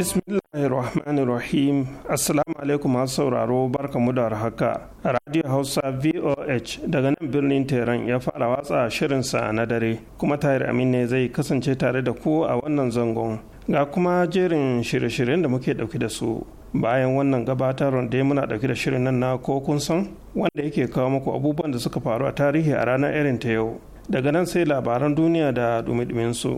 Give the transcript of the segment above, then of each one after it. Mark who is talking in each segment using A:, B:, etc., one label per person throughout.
A: Bismillahirrahmanirrahim. Assalamu alaikum masu sauraro barka da haka. Radio Hausa VOH daga nan birnin tehran ya fara watsa shirinsa na dare, kuma Tahir Amin ne zai kasance tare da ku a wannan zangon. Ga kuma jerin shirye-shiryen da muke ɗauki da su. Bayan wannan gabatar da muna ɗauki da shirin nan na ko kun san wanda yake kawo muku abubuwan da suka faru a tarihi a ranar irin ta yau. Daga nan sai labaran duniya da dumi su.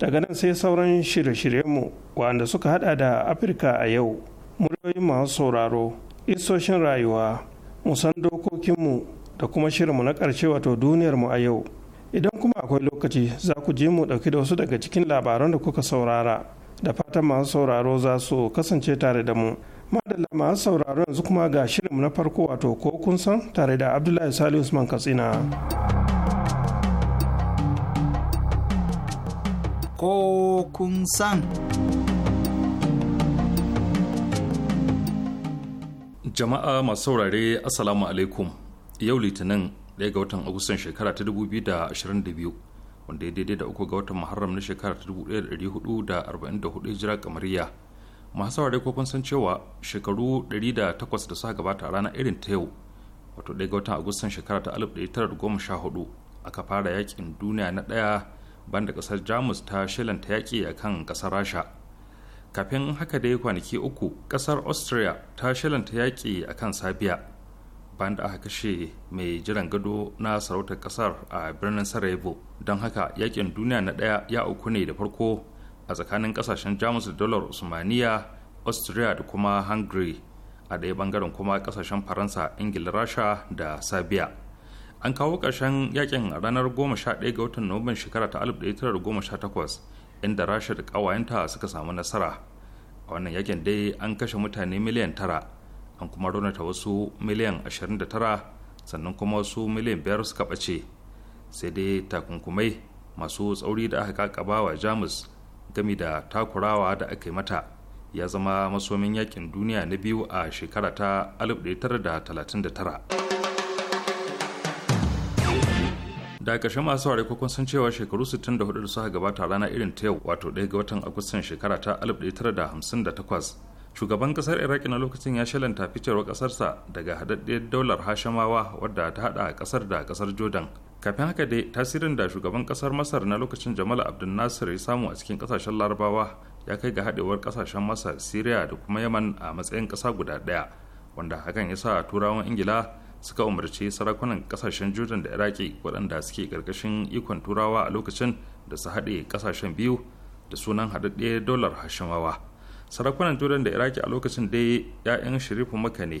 A: daga nan sai sauran shirye-shiryenmu wanda suka hada da afirka a yau muryoyin masu sauraro isoshin rayuwa musan dokokinmu da kuma shirinmu na ƙarshe wato duniyarmu a yau idan kuma akwai lokaci za ku ji mu ɗauki da wasu daga cikin labaran da kuka saurara da fatan masu sauraro za su kasance tare da mu madalla masu sauraro yanzu kuma ga shirinmu na farko wato ko kun san tare da abdullahi salisu usman katsina.
B: ko kun san.
C: Jama'a masu saurare Assalamu alaikum yau litinin ɗaya ga watan Agustan shekara ta 2022 wanda ya daidai da uku ga watan Muharram na shekara ta 1444 jira kamariya. Masu saurare ko kun san cewa shekaru 108 da suka gabata a ranar irin ta yau wato ɗaya ga watan Agustan shekara ta 1914 aka fara yakin duniya na ɗaya banda kasar jamus ta shilanta yaƙi a kan kasar rasha kafin haka dai kwanaki uku ƙasar austria ta shilanta yaƙi a kan sabiya banda aka kashe mai jiran gado na sarautar ƙasar a birnin sarajevo don haka yaƙin duniya na ɗaya ya uku ne da farko a tsakanin ƙasashen jamus da dalar usmaniya austria da kuma hungary a ɗaya bangaren kuma ƙasashen faransa ingila rasha da sabiya an kawo ƙarshen yakin a ranar 11 ga watan nuwamban shekara ta 1918 inda rasha da ƙawayenta suka samu nasara a wannan yakin dai an kashe mutane miliyan tara an kuma raunata wasu miliyan 29 sannan kuma wasu miliyan biyar suka ɓace sai dai takunkumai masu tsauri da aka kakaba wa jamus gami da takurawa da aka mata ya zama masomin yakin duniya na biyu a shekara ta 1939 da ƙarshe masu ware kun san cewa shekaru 64 da suka gabata rana irin ta yau wato ɗaya ga watan agustan shekara ta 1958 shugaban ƙasar iraki na lokacin ya shalanta fitarwa ƙasarsa daga haɗaɗɗiyar daular hashamawa wadda ta haɗa ƙasar da ƙasar jordan kafin haka dai tasirin da shugaban ƙasar masar na lokacin jamal abdul nasir ya samu a cikin ƙasashen larabawa ya kai ga haɗewar ƙasashen masar syria da kuma yaman a matsayin ƙasa guda ɗaya wanda hakan ya sa turawan ingila suka umarci sarakunan kasashen jordan da iraki waɗanda suke ƙarƙashin ikon turawa a lokacin da su haɗe kasashen biyu da sunan haɗaɗɗe dolar hashimawa sarakunan jordan da iraki a lokacin dai 'ya'yan sharifu maka ne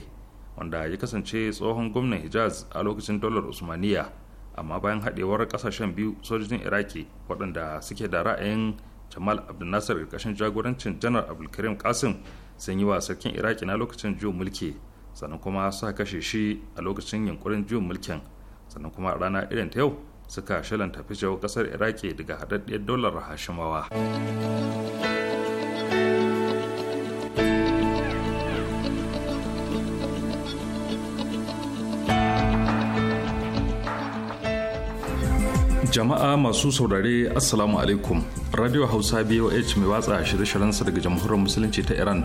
C: wanda ya kasance tsohon gwamnan hijaz a lokacin dolar usmaniya amma bayan haɗewar kasashen biyu sojojin iraki waɗanda suke da ra'ayin jamal nasir ƙarƙashin jagorancin janar abdulkarim kasim sun yi wa sarkin iraki na lokacin juyin mulki sannan kuma sa kashe shi a lokacin yunkurin juyin mulkin sannan kuma a rana irin ta yau suka shalanta jawo kasar iraki daga haɗaɗɗiyar dolar hashimawa jama'a masu saurare assalamu alaikum radio hausa boh mai watsa shirye-shiryensa daga jamhuriyar musulunci ta iran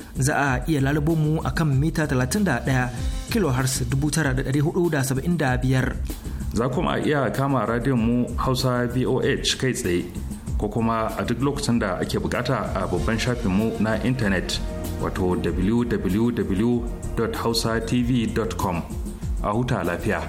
D: za a iya lalubo mu a kan mita 31 kilohertz biyar.
C: Za kuma iya kama radiyon mu Hausa VOH kai tsaye ko kuma a duk lokacin da ake bukata a babban mu na intanet wato www.hausatv.com a huta lafiya.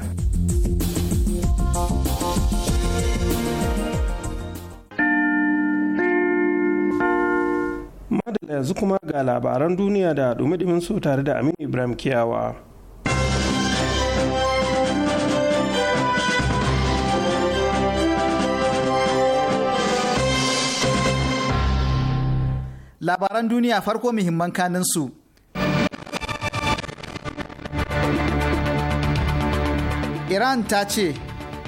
A: da yanzu kuma ga labaran duniya da dumi su tare da aminu ibrahim kiyawa
B: labaran duniya farko muhimman kanin su iran ta ce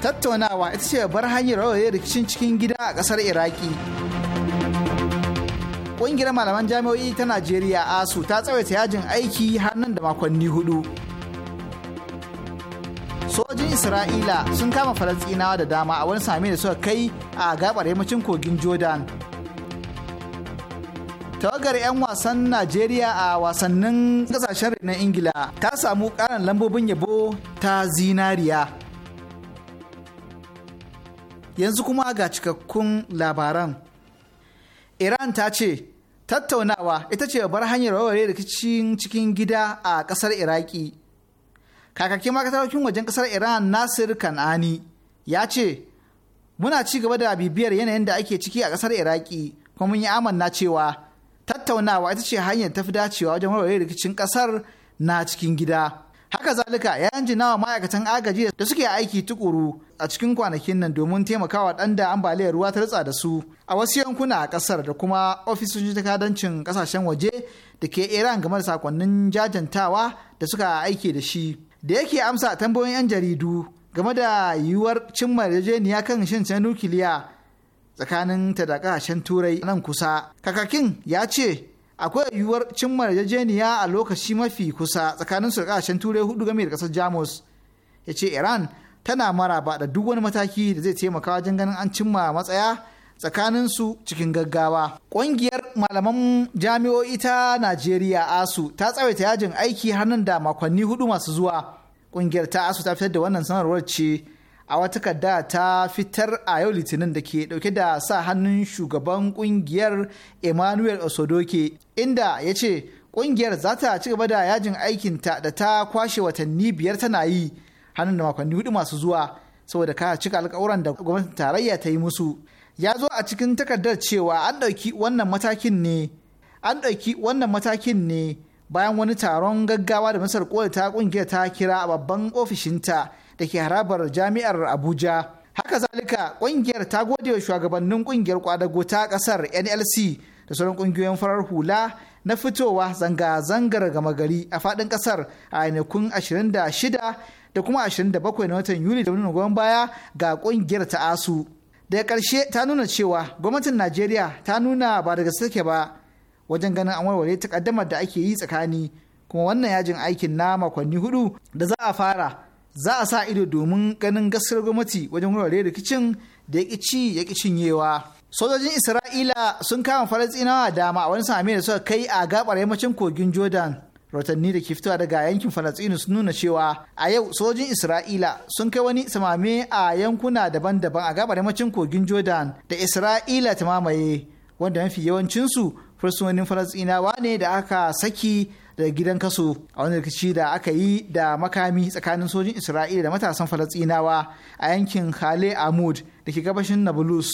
B: tattaunawa ita ce bar hanyar rawaye rikicin cikin gida a kasar iraki Ƙungiyar malaman jami'o'i ta Najeriya ASU ta tsawaita yajin aiki har nan da makonni hudu. Sojin Isra'ila sun kama Falasɗinawa da dama a wani sami da suka kai a gabar yammacin kogin Jordan. tawagar 'yan wasan Najeriya a wasannin kasashen na Ingila ta samu ƙarin lambobin yabo ta zinariya. Yanzu kuma ga cikakkun labaran. Iran ta ce, tattaunawa ita ce babbar hanyar warware rikicin cikin gida a kasar iraki kakakin makatarokin wajen kasar iran nasir kan'ani ya ce muna ci gaba da bibiyar yanayin da ake ciki a kasar iraki kuma mun yi amanna cewa tattaunawa ita ce hanyar tafi dacewa wajen warware rikicin kasar na cikin gida haka zalika ya yanji wa ma'aikatan agaji da suke aiki tukuru a cikin kwanakin nan domin taimakawa ɗan da ambaliyar ruwa ta ritsa da su a wasu yankuna a ƙasar da kuma ofisoshin takadancin kasashen waje da ke iran game da sakonnin jajantawa da suka aiki da shi da yake amsa tambayoyin 'yan jaridu game da yiwuwar cimma yarjejeniya kan shin nukiliya tsakanin ta da kasashen turai nan kusa kakakin ya ce akwai yiwuwar cimma yarjejeniya a lokaci mafi kusa tsakanin su kasashen turai hudu game da kasar jamus ya ce iran tana maraba da duk wani mataki da zai taimaka wajen ganin an cimma matsaya tsakanin su cikin gaggawa ƙungiyar malaman jami'o'i ta najeriya asu ta tsawaita yajin aiki har nan da makonni hudu masu zuwa ƙungiyar ta asu ta fitar da wannan sanarwar ce a wata kadda ta fitar a yau litinin da ke dauke da sa hannun shugaban kungiyar emmanuel osodoke inda ya ce kungiyar za ta ci gaba da yajin aikinta da ta kwashe watanni biyar tana yi hannun da makonni hudu masu zuwa saboda ka cika alkawuran da gwamnatin tarayya ta yi musu ya zo a cikin takardar cewa an ɗauki wannan matakin ne an ɗauki wannan matakin ne bayan wani taron gaggawa da masar ta kungiyar ta kira a babban ofishinta da ke harabar jami'ar abuja haka zalika ƙungiyar ta gode wa shugabannin ƙungiyar kwadago ta ƙasar nlc da sauran ƙungiyoyin farar hula na fitowa zanga-zangar gama gari a faɗin ƙasar a ainihin 26 da kuma 27 na watan yuli da wani goyon baya ga ƙungiyar ta asu daga karshe ta nuna cewa gwamnatin najeriya ta nuna ba daga sake ba wajen ganin an warware takaddamar da ake yi tsakani kuma wannan yajin aikin na makonni hudu da za a fara za a sa ido domin ganin gaskiyar gwamnati wajen wurare rikicin da ya ci ya cinyewa. Sojojin Isra'ila sun kama Falasɗinawa dama a wani sami da suka kai a gabar yammacin kogin Jordan. Rotanni da ke fitowa daga yankin Falasɗinu sun nuna cewa a yau sojojin Isra'ila sun kai wani samame a yankuna daban-daban a gabar yammacin kogin Jordan da Isra'ila ta mamaye wanda mafi yawancinsu fursunonin Falasɗinawa ne da aka saki daga gidan kaso a wani rikici da aka yi da makami tsakanin sojin isra'ila da matasan falastinawa a yankin khale amud da ke gabashin nablus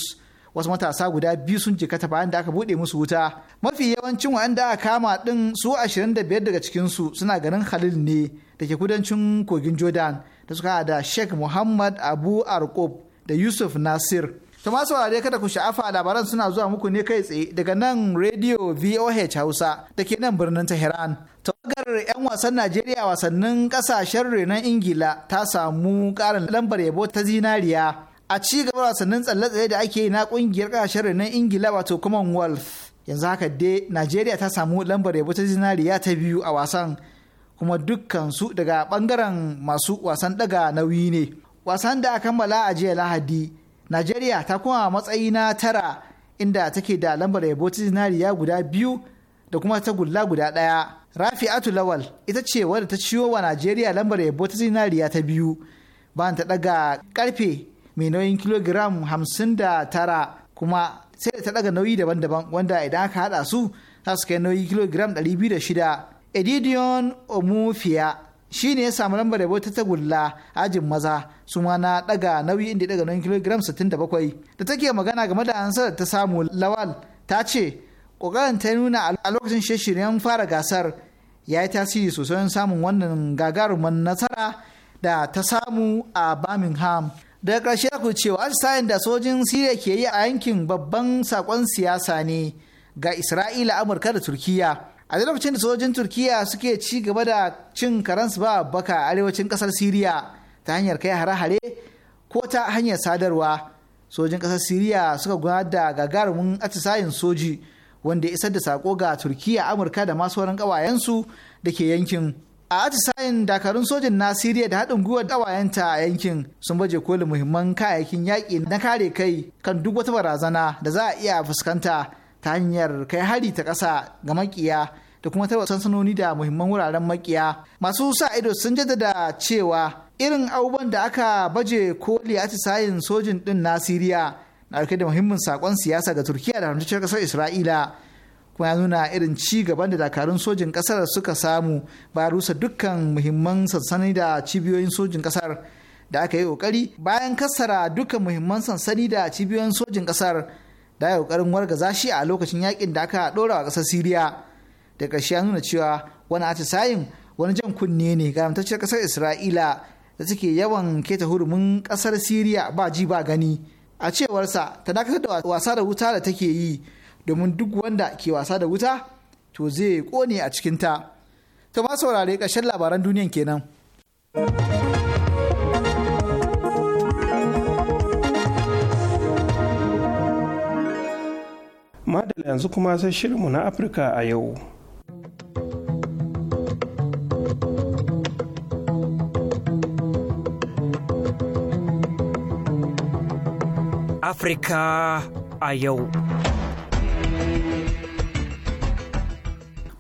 B: wasu matasa guda biyu sun jikata bayan da aka bude musu wuta mafi yawancin waɗanda aka kama ɗin su 25 daga cikinsu suna ganin khalil ne da ke kudancin kogin jordan da suka da sheikh muhammad abu arkob da yusuf nasir To masu wurare kada ku sha'afa labaran suna zuwa muku ne kai tsaye daga nan Radio VOH Hausa da ke nan birnin Tehran. Tawagar 'yan wasan Najeriya wasannin kasashen renon Ingila ta samu karin lambar yabo ta zinariya. A ci gaba wasannin tsalle tsalle da ake yi na kungiyar kasashen renon Ingila wato Commonwealth. Yanzu haka dai Najeriya ta samu lambar yabo ta zinariya ta biyu a wasan kuma dukkansu daga bangaren masu wasan daga nauyi ne. Wasan da a kammala a jiya Lahadi najeriya ta a matsayi na tara inda take da lambar yabo ta zinariya guda biyu da kuma ta gulla guda ɗaya rafi'atu lawal ita ce wadda ta ciwo wa najeriya lambar yabo ta zinariya ta biyu bayan ta ɗaga karfe mai nauyin kilogiram hamsin da tara kuma sai da ta ɗaga nauyi daban-daban wanda idan aka haɗa su za su kai nauyi kilogiram ɗari biyu da shida edidion omofia shi ne ya samu lambar yabo ta tagulla ajin maza su ma na daga nauyi inda daga nauyin kilogiram 67 da take magana game da ansar ta samu lawal ta ce kokarin ta nuna a lokacin shirye-shiryen fara gasar ya yi tasiri sosai samun wannan gagarumin nasara da ta samu a birmingham daga ƙarshe ku cewa sayin da sojin siriya ke yi a yankin babban sakon siyasa ne ga isra'ila amurka da turkiya a da lokacin da sojojin turkiya suke ci gaba da cin karansu ba baka a arewacin kasar siriya ta hanyar kai hare-hare ko ta hanyar sadarwa sojin kasar siriya suka gudanar da gagarumin atisayin soji wanda ya isar da sako ga turkiya amurka da masu wurin kawayensu da ke yankin a atisayin dakarun sojin na siriya da haɗin gwiwar kawayenta a yankin sun baje kolin muhimman kayayyakin yaƙi na kare kai kan duk wata barazana da za a iya fuskanta ta hanyar kai hari ta ƙasa ga makiya da kuma taɓa sansanoni da muhimman wuraren makiya masu sa ido sun jaddada cewa irin abubuwan da aka baje ko liyati sayin sojin ɗin na siriya na ɗauke da muhimmin sakon siyasa ga turkiya da hamtacciyar ƙasar isra'ila kuma ya nuna irin ci gaban da dakarun sojin kasar suka samu ba rusa dukkan muhimman sansani da cibiyoyin sojin kasar da aka yi ƙoƙari bayan kassara dukkan muhimman sansani da cibiyoyin sojin kasar. da ya kokarin wargaza shi a lokacin yakin da aka dora a kasar Siriya da ƙarshe an nuna cewa wani atisayin wani jan kunne ne ga kasar Isra'ila da suke yawan keta hurumin kasar Siriya ba ji ba gani a cewarsa ta dakatar da wasa da wuta da take yi domin duk wanda ke wasa da wuta to zai kone a cikin ta ma saurare ƙarshen labaran duniyan kenan.
A: madala yanzu kuma sai shirinmu na afirka a yau
D: afirka a yau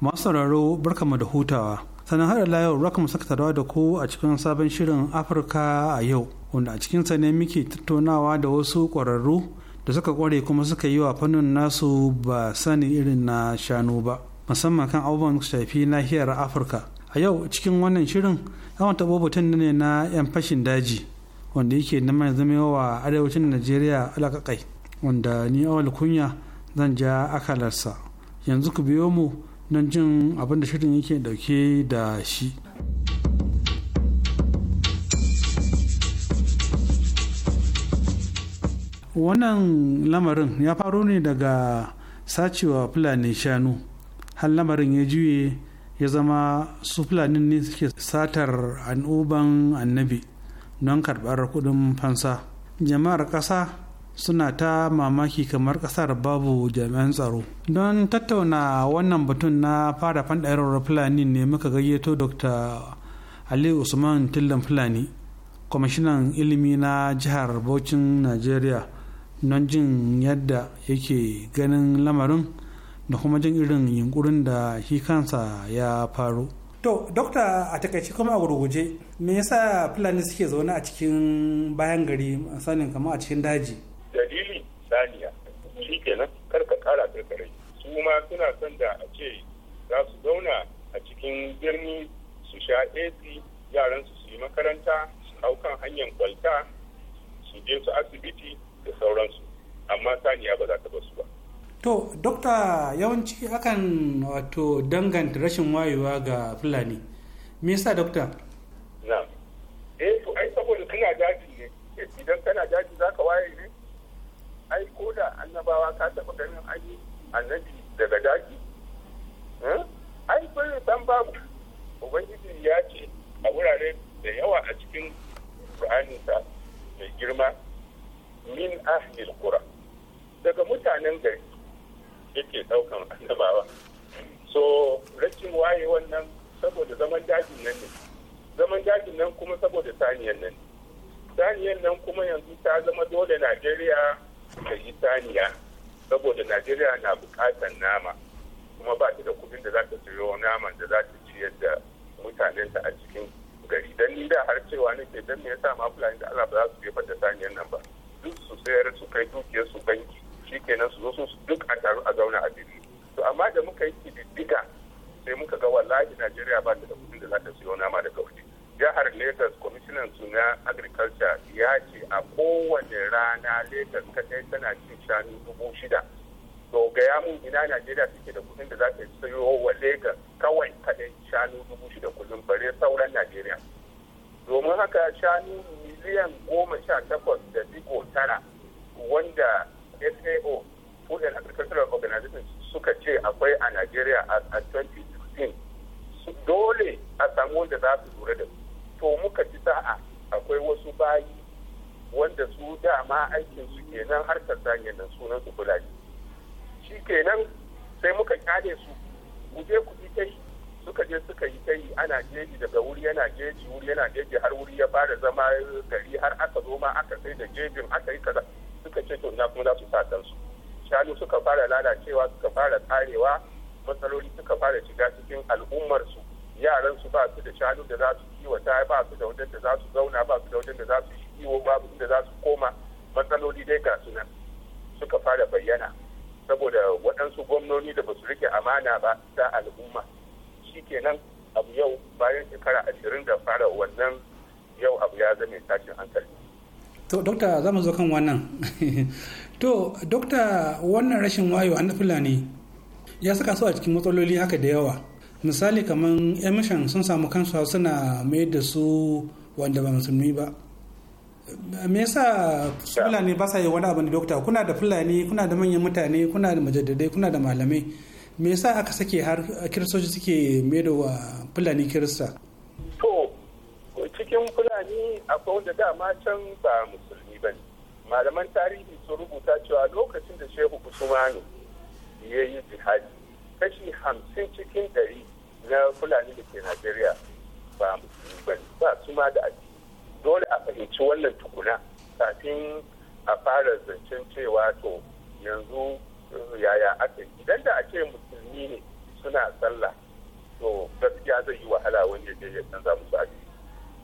E: masu sauraro barkamu da hutawa sannan har ila yau rakamu saka da ku a cikin sabon shirin afirka a yau wanda a cikinsa ne muke tattaunawa da wasu ƙwararru da suka kware kuma suka yi wa fannin nasu ba sani irin na shanu ba musamman kan abubuwan shafi nahiyar afirka a yau cikin wannan shirin yawan taɓo batun ne na 'yan fashin daji wanda yake mai zama a arewacin najeriya alaƙaƙai wanda ni awal kunya zan ja akalarsa yanzu ku biyo mu don jin abin da shirin yake dauke da shi wannan lamarin ya faru ne daga sacewa fulani shanu har lamarin ya juye ya zama su fulani ne suke satar an'uban annabi don karɓar kudin fansa jama'ar ƙasa suna ta mamaki kamar ƙasar babu jami'an tsaro don tattauna wannan batun na fara fanɗarar fulani ne muka gayyato dr ali usman tillan fulani kwamishinan ilimi na jihar bauchin najeriya don jin yadda yake ganin lamarin da kuma jin irin yunkurin da shi kansa ya faru. To, dokta a takaice kuma a gurguje, me yasa Fulani suke zaune a cikin bayan gari sanin kama a cikin daji?
F: Dalili saniya, shi kenan karka kara karkarai. Su ma suna son da a ce za su zauna a cikin birni su sha AC yaran su yi makaranta, su hau kan hanyar kwalta, su je su asibiti, da sauransu amma saniya ba za ta basu ba
E: to dokta yawanci akan wato danganta rashin wayewa ga fulani me yasa dokta
F: na eh to ai saboda kana daji ne idan kana daji za ka waye ne ai ko da annabawa ka taɓa ganin ai annabi daga daji hmm? ai bai san babu ubangiji ya ce a wurare da yawa a cikin ƙur'aninsa mai girma min ahlil qura daga mutanen gari yake daukan annabawa so rashin waye wannan saboda zaman dajin nan ne zaman dajin nan kuma saboda saniyan nan saniyan nan kuma yanzu ta zama dole najeriya ta yi saniya saboda najeriya na bukatar nama kuma ba ta da kudin da za ta siyo naman da za ta ciyar da ta a cikin gari don ni da har cewa nake don me yasa ma fulani da allah ba za su jefa da saniyan nan ba duk su sayar su kai dukiyar su banki shi kenan su zo su duk a taru a zauna a birni to amma da muka yi kididdiga sai muka ga wallahi Najeriya ba ta da kudin da za ta siyo nama daga waje jihar Lagos kwamishinan su na agriculture ya ce a kowane rana Lagos kadai tana cin shanu dubu shida to gaya mun ina Najeriya suke da kudin da za ta sayo wa Lagos kawai kaɗai shanu dubu shida kullum bare sauran Najeriya domin haka shanu miliyan goma sha takwas da digo tara wanda SAO Food and Agricultural Organization suka ce akwai a nigeria a 2016 dole a samu wanda za su lura da to muka ci sa'a akwai wasu bayi wanda su dama aikin su kenan ta zanyen nan sunan su fulani shi kenan sai muka kyale su ku je ku ta yi suka je suka yi ta yi ana jeji daga wuri yana jeji wuri yana jeji har wuri ya fara zama gari har aka zo ma aka sai da jejin aka yi kaza suka ce to na kuma za su sa su shanu suka fara lalacewa suka fara tsarewa matsaloli suka fara shiga cikin al'ummar su yaran su ba su da shanu da za su kiwata ba su da wajen da za su zauna ba su da wajen da za su yi kiwo ba su da za su koma matsaloli dai ga su nan suka fara bayyana saboda waɗansu gwamnoni da ba su rike amana ba ta al'umma shikenan abu yau bayan shekara ashirin da fara wannan yau abu ya zame tashin hankali
E: to dokta za mu zo kan wannan to dokta wannan rashin wayo an fulani ya saka su a cikin matsaloli haka da yawa misali kamar emission sun samu kansu suna mai da su wanda ba musulmi ba me yasa fulani ba sa yi wani abu da dokta kuna da fulani kuna da manyan mutane kuna da majaddadai kuna da malamai me yasa aka sake har kiristoci suke maida wa fulani kirista
F: to cikin fulani akwai wanda dama can ba musulmi ba ne malaman tarihi sun rubuta cewa lokacin da shehu usmanu ya yi jihadi kashi hamsin cikin ɗari na fulani da ke najeriya ba musulmi ba ne ba su ma da addini dole a fahimci wannan tukuna kafin a fara zancen cewa to yanzu yaya aka yi idan da ake ce musulmi ne suna sallah to gaskiya zai yi wahala wani ya je ya zamu sa'adi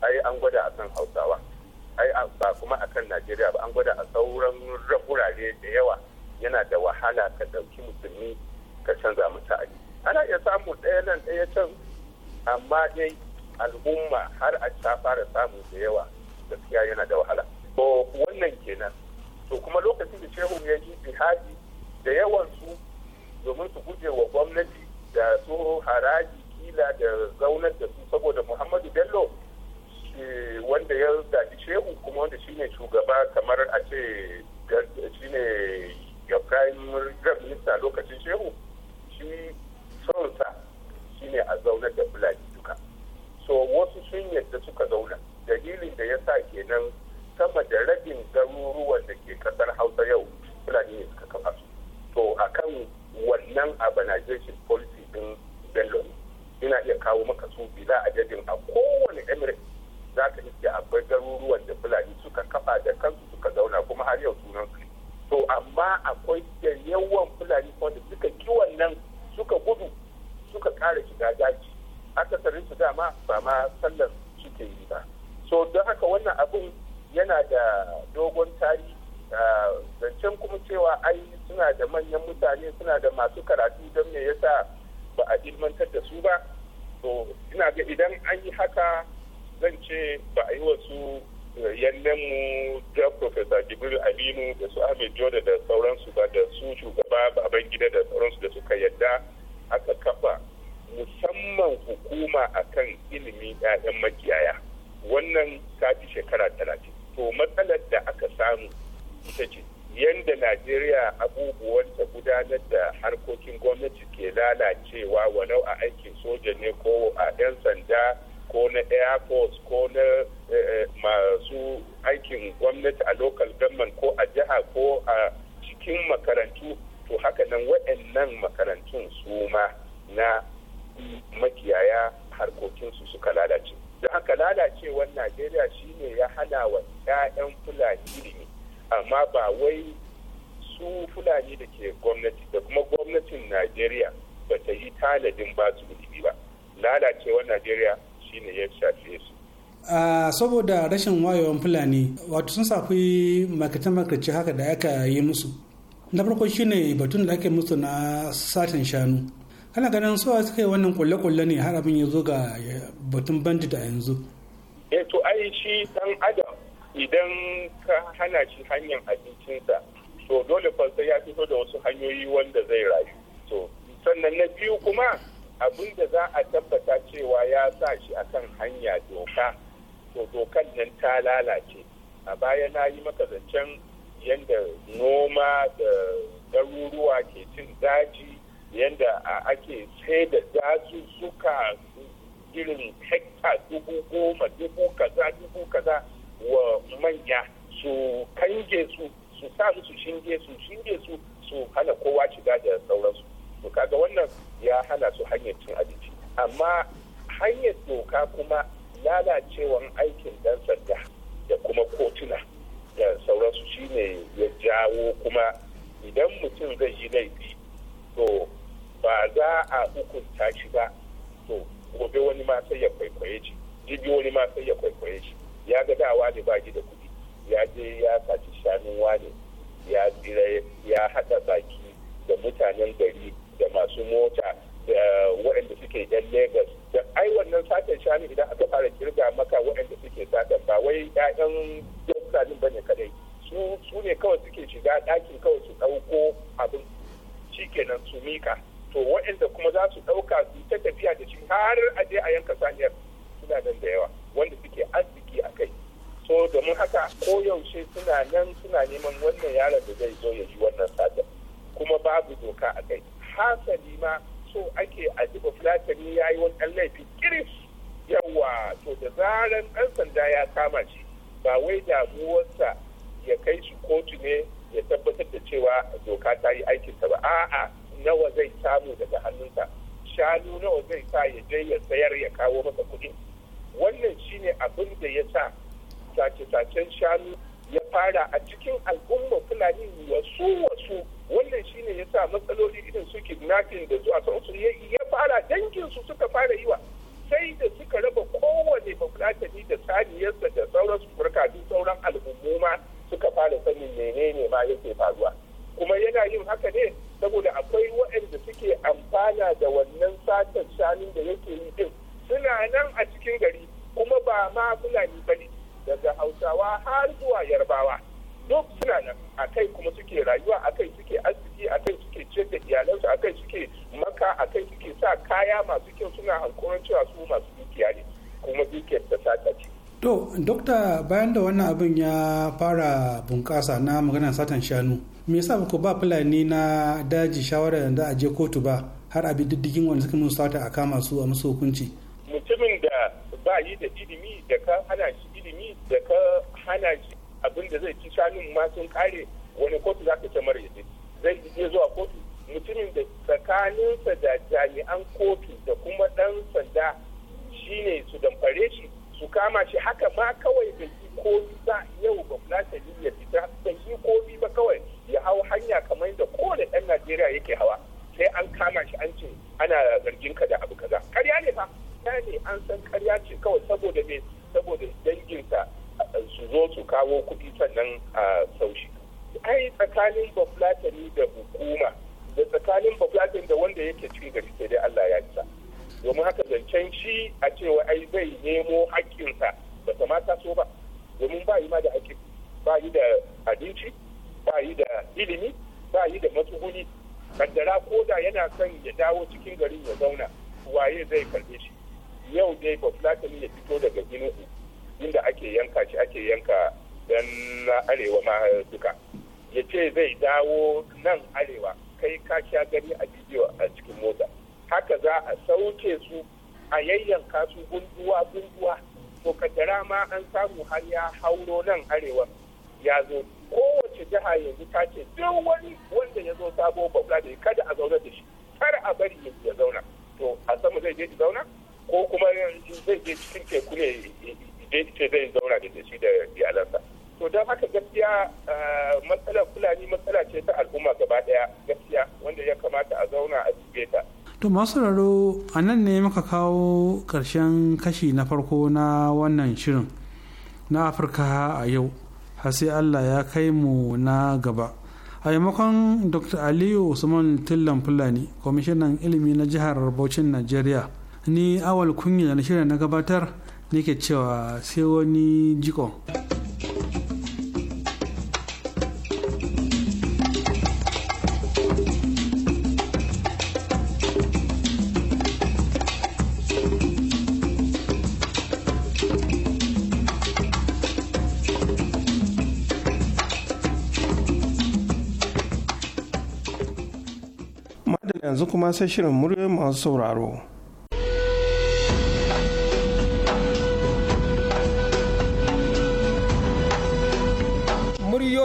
F: ai an gwada a kan hausawa ai ba kuma a kan najeriya ba an gwada a sauran rahurare da yawa yana da wahala ka ɗauki musulmi ka canza musu addini ana iya samu ɗaya nan ɗaya can amma dai al'umma har a ta fara samu da yawa gaskiya yana da wahala to wannan kenan to kuma lokacin da shehu ya yi jihadi da yawan su domin su guje wa gwamnati da su haraji kila da zaunar da su saboda muhammadu bello wanda ya gaji shehu kuma wanda shine shugaba kamar a ce shine ya prime minista lokacin shehu shi sonsa shine a zaunar da fulani duka so wasu sun yadda suka zauna dalilin da ya sa kenan sama da rabin garuruwan da ke kasar hausa yau fulani ne suka kafa su to akan wannan urbanization policy din bello ina iya kawo maka su bila a jajin a kowane emirate za ka iske akwai garuruwan da fulani suka kafa da kansu suka zauna kuma har yau sunan su to amma akwai da yawan fulani wanda suka ki wannan suka gudu suka kara shiga daji akasarin su dama ba ma sallar suke yi ba so don haka wannan abun yana da dogon tarihi ah, zancen cewa ai suna da manyan mutane suna da masu karatu don me yasa ba a ilmantar da su ba to ina ga idan an yi haka zan ce ba a yi wasu eh, mu da professor jibril aminu da su ahmed jordan da sauransu ba da su shugaba baban gida da sauransu da suka yadda aka kafa musamman hukuma akan ilimi 'ya'yan makiyaya wannan ta fi shekara talatin to matsalar da aka samu ita ce yadda najeriya abubuwan ta gudanar da harkokin gwamnati ke lalacewa walau a aikin soja ne ko a 'yan sanda ko na air force ko na eh, eh, masu aikin gwamnati a local government ko a jiha ko a cikin makarantu to haka nan waɗannan makarantun su ma na makiyaya harkokinsu suka lalace da haka lalacewar najeriya shine ya hana wa 'ya'yan fulani ilimi amma ba wai su fulani da ke gwamnati da kuma gwamnatin najeriya ba ta yi taladin ba su ilimi ba lalacewar najeriya shine ya shafe su
E: Uh, saboda rashin wayewan fulani wato sun safi makarce makarci haka da aka yi musu na farko shine batun da ake musu na satin shanu kana ganin suwa suka yi wannan kulle-kulle ne har abin ya zo ga batun bandit a yanzu
F: eh to ai shi dan adam idan ka hana shi hanyar abincinsa to dole fa ya fito da wasu hanyoyi wanda zai rayu to sannan na biyu kuma abin da za a tabbata cewa ya sa shi akan hanya doka to dokan nan ta lalace a baya na yi maka yadda noma da garuruwa ke cin daji yadda ake sai da dazuzzuka irin hekta dubu goma dubu kaza dubu kaza wa manya su kange su su sa su shinge su shinge su su hana kowa shiga da sauransu to kaga wannan ya hana su hanyar cin abinci amma hanyar doka kuma lalacewan aikin dan sanda da kuma kotuna da sauransu shine ya jawo kuma idan mutum zai yi laifi to ba za a hukunta shi ba to gobe wani ma sai ya kwaikwaye shi jibi wani ma sai ya kwaikwaye shi ya ga dawa ne ba da kuɗi ya je ya saci shanun wane ya tsira ya haɗa baki da mutanen gari da masu mota da waɗanda suke yan Legas da ai wannan satan shanu idan aka fara kirga maka waɗanda suke satan ba wai 'ya'yan ba bane kadai su ne kawai suke shiga ɗakin kawai su ɗauko abin shi kenan su mika to waɗanda kuma za su ɗauka su ta tafiya da shi har a je a yanka saniyar suna nan da yawa wanda suke aiki a kai so domin haka koyaushe suna nan suna neman wannan yaron da zai zo ya yi wannan sata kuma babu doka a kai hasali ma so ake a jiba fulatani ya yi wani ɗan laifi kiris yawa to da zaran ɗan sanda ya kama shi ba wai damuwarsa ya kai shi kotu ne ya tabbatar da cewa doka ta yi aikinsa ba a'a nawa zai samu daga hannunsa shanu nawa zai sa ya je ya sayar ya kawo masa kuɗi wannan shine abin da ya sa sace-sacen shanu ya fara a cikin al'ummar fulani wasu wasu wannan shine ya sa matsaloli irin su kidnapping da zuwa su ya fara danginsu suka fara yiwa sai da suka raba kowane mafulatani da saniyarsa da sauran burkatun sauran al'ummuma suka fara sanin menene ma yake faruwa kuma yana yin haka ne saboda akwai waɗanda suke amfana da wannan satan shanun da yake yi din suna nan a cikin gari kuma ba ma fulani bane daga hausawa har zuwa yarbawa duk suna nan a kai kuma suke rayuwa a kai suke arziki a kai suke ciyar da iyalansu a kai suke maka a kai suke sa kaya masu kyau suna hankoron cewa su masu dukiya ne kuma dukiyar
E: ta sata ce. to dokta bayan da wannan abin ya fara bunƙasa na maganar satan shanu me yasa ku ba fulani na daji shawarar da a je kotu ba har a bi diddigin wanda suka musu sata a kama su a musu hukunci
F: mutumin da ba yi da ilimi da ka hana shi ilimi da ka hana shi abin da zai ci shanun ma sun kare wani kotu za ka samar ya zai iya zuwa kotu mutumin da tsakaninsa da jami'an kotu da kuma ɗan sanda
G: shine su
F: damfare shi su kama shi haka ma kawai da yi komi ba yau ba fulatani ya fita da yi komi ba kawai ya hau hanya kamar da kowane ɗan najeriya yake hawa sai an kama shi an ce ana zargin ka da abu kaza karya ne fa ƙarya ne an san karya ce kawai saboda saboda danginsa eh, su zo su kawo kuɗi sannan a saushi ai tsakanin bafulatani da hukuma da tsakanin bafulatani da wanda yake cikin gari sai dai Allah ya isa domin haka zancen shi a cewa ai zai nemo haƙƙinsa ba ta mata so ba domin ba yi ma da haƙƙi ba yi da abinci ba yi da ilimi ba yi da matsuguni kaddara ko da yana son ya dawo cikin garin ya zauna waye zai karbe shi yau dai ba fulatani ya fito daga ginin inda ake yanka shi ake yanka dan arewa ma duka ya ce zai dawo nan arewa kai ka sha gani a bidiyo a cikin mota haka za a sauke su a yayyanka su gunduwa gunduwa to ma an samu har ya hauro nan arewa ya zo kowace jiha yanzu ta ce duk wani wanda ya zo sabo babla da kada a zauna da shi kar a bari ya zauna to a sama zai je zauna ko kuma zai je cikin teku ne je zai zauna da shi da iyalansa to don haka gaskiya matsalar fulani matsala ce ta al'umma gaba daya gaskiya wanda ya
G: kamata a zauna a cike ta
E: to masu raro a nan ne muka kawo karshen kashi na farko na wannan shirin na afirka a yau har sai allah ya kai mu na gaba a yamakon dr aliyu usman tillan fulani kwamishinan ilimi na jihar bauchin najeriya ni awal kunya na shirya na gabatar nake cewa sai wani jiko
A: yanzu kuma sai shirin murya masu sauraro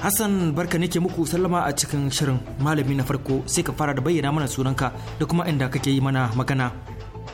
D: Hassan barka nake muku sallama a cikin shirin malami na farko sai ka fara da bayyana mana sunanka da kuma inda kake yi mana magana.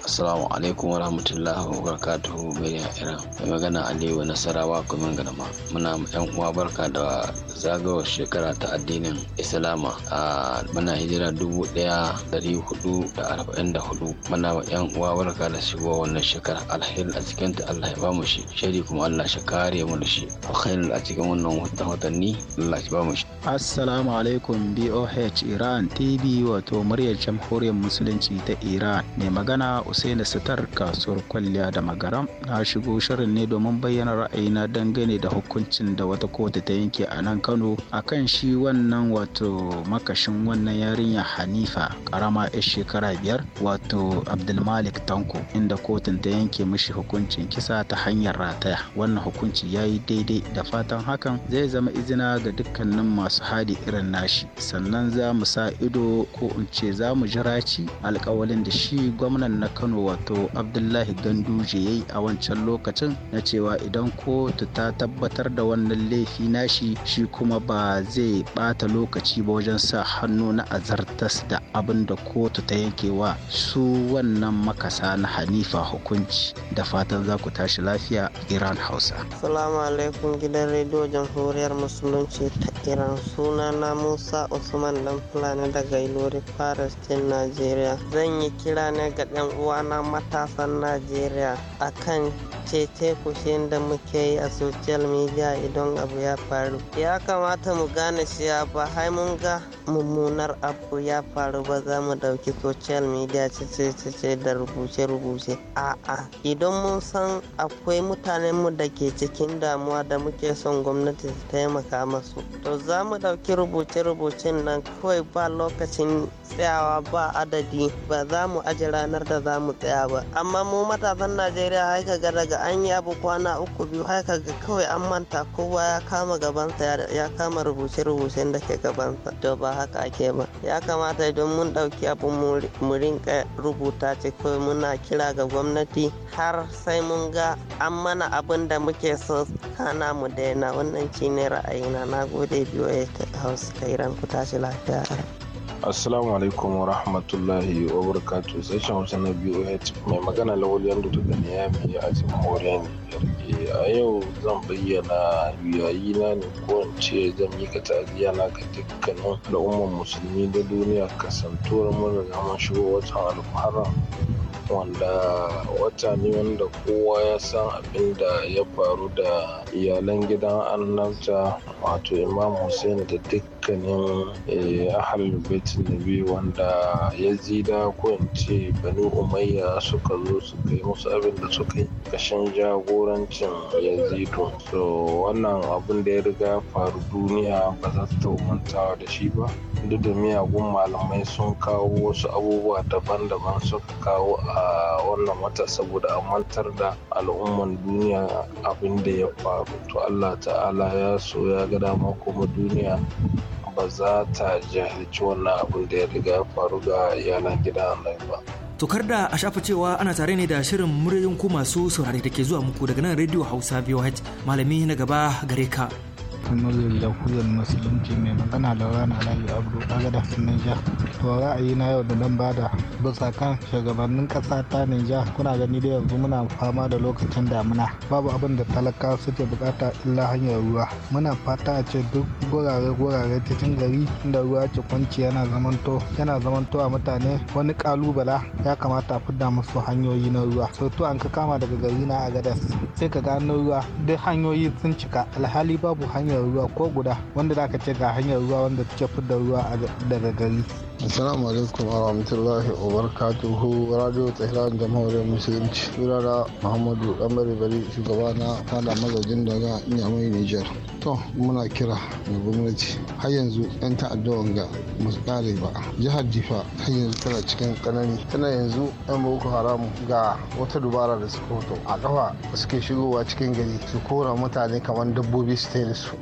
H: Assalamu alaikum wa rahmatullahi wa barakatuhu Maryam Iran. Mai magana Aliyu Nasarawa kuma garma. Muna yan uwa barka da zagawar shekara ta addinin Islama a muna hijira dubu ɗaya dari hudu da arba'in da hudu. Muna ma yan uwa barka da shigo wannan shekara alheri a cikin ta Allah ya bamu shi. Shari kuma Allah shi kare mu da shi. Alheri a cikin wannan watanni Allah ya bamu shi. Assalamu alaikum BOH Iran TV wato muryar jamhuriyar musulunci ta Iran. Mai magana da Sitar kasuwar kwalliya da magaram na shigo shirin ne domin bayyana ra'ayina dangane da hukuncin da wata kotu ta yanke a nan Kano akan shi wannan wato makashin wannan yarinya Hanifa karama yar shekara biyar wato Abdulmalik Tanko inda kotun ta yanke mishi hukuncin kisa ta hanyar rataya wannan hukunci ya yi daidai da fatan hakan zai zama izina ga dukkanin masu hadi irin nashi sannan za mu sa ido ko in ce za mu jira ci alkawalin da shi gwamnan na Kano kano wato abdullahi ganduje yayi a wancan lokacin na cewa idan kotu ta tabbatar da wannan laifi nashi shi kuma ba zai bata lokaci ba wajen sa hannu na azartas da abin da kotu ta yankewa su wannan makasa na hanifa hukunci da fatan za ku tashi lafiya iran hausa
I: salamu alaikum gidan rediyo jamhuriyar musulunci ta iran suna na musa usman dan fulani daga ilori paris ta najeriya zan yi kira ne ga ɗan uwa uwana matasan najeriya kan cece kushin da muke yi a social media idan abu ya faru ya kamata mu gane cewa ba hai mun ga mummunar abu ya faru ba za mu dauki social media cece da rubuce-rubuce a'a idan mun san akwai mutanen mu da ke cikin damuwa da muke son gwamnati ta taimaka masu to za mu dauki rubuce-rubucen nan kawai ba lokacin tsayawa ba adadi ba za mu aji ranar da za mu mu tsaya ba amma mu matasan najeriya haika ga daga an yi abu kwana uku biyu haika ga kawai an manta kowa ya kama gabansa ya kama rubuce-rubucen da ke gabansa to ba haka ake ba ya kamata idan mun ɗauki abu mu rinka rubuta ce kawai muna kira ga gwamnati har sai mun ga an mana abin da muke so kana mu daina wannan shine ra'ayina na gode biyo ya hausa kairan ku tashi lafiya
J: assalamu alaikum wa rahmatullahi wa barakatuh sashen hausa na boh mai magana lawal yandu daga niyami a ne eh, a yau zan bayyana yayi na ne ko in ce zan yi ka na ga dukkanin al'ummar musulmi da duniya kasantuwar mu da shigo watan alfaharan wanda wata ne wanda kowa ya san abin da ya faru da iyalan gidan annabta wato imam hussein da duk dukkanin eh, ahal baitin nabi wanda yazida ko in ce banu umayya suka zo su kai musu abin da suka yi kashin jagorancin yazidu so wannan abin da ya riga faru duniya ba za ta umantawa da shi ba duk da miyagun malamai sun kawo wasu abubuwa daban-daban suka kawo a wannan wata saboda a mantar da al'umman duniya abin da ya faru to allah ta'ala ya so ya ga dama kuma duniya ba za ta jahilci wannan abin da ya riga ya faru ga yanar gida nan ba
D: tokar da a shafa cewa ana tare ne da shirin muryoyin ku masu saurare da ke zuwa muku daga nan radio hausa voh malami na gaba gare ka familin
H: lahuzar musulunci mai magana da rana layi abdu agada niger to na yau da dan bada bisa kan shugabannin kasa ta Nijar. kuna gani da yanzu muna fama da lokacin damina babu abin da talaka suke bukata illa hanyar ruwa muna fata a ce duk gurare gurare cikin gari inda ruwa ke kwanci yana zamanto yana zamanto a mutane wani kalubala ya kamata a fidda musu hanyoyi na ruwa sautu an ka kama daga gari na agadas sai ka gano ruwa duk hanyoyi sun cika alhali babu hanyar hanyar ruwa ko guda wanda za ka ce ga hanyar ruwa wanda take fidda ruwa daga gari Assalamu alaikum wa rahmatullahi wa barakatuhu Radio Tehran Jamhuriyar Musulunci. Turara Muhammadu dan Bari shugaba na fada mazajin daga Inyamai Nijar. To muna kira ga gwamnati har yanzu 'yan ta'addawan ga musu ƙare ba. Jihar Jifa har yanzu tana cikin kanani Tana yanzu 'yan Boko Haram ga wata dubara da suka fito a kafa suke shigowa cikin gari su kora mutane kamar dabbobi su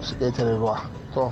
H: su ƙetare ruwa. to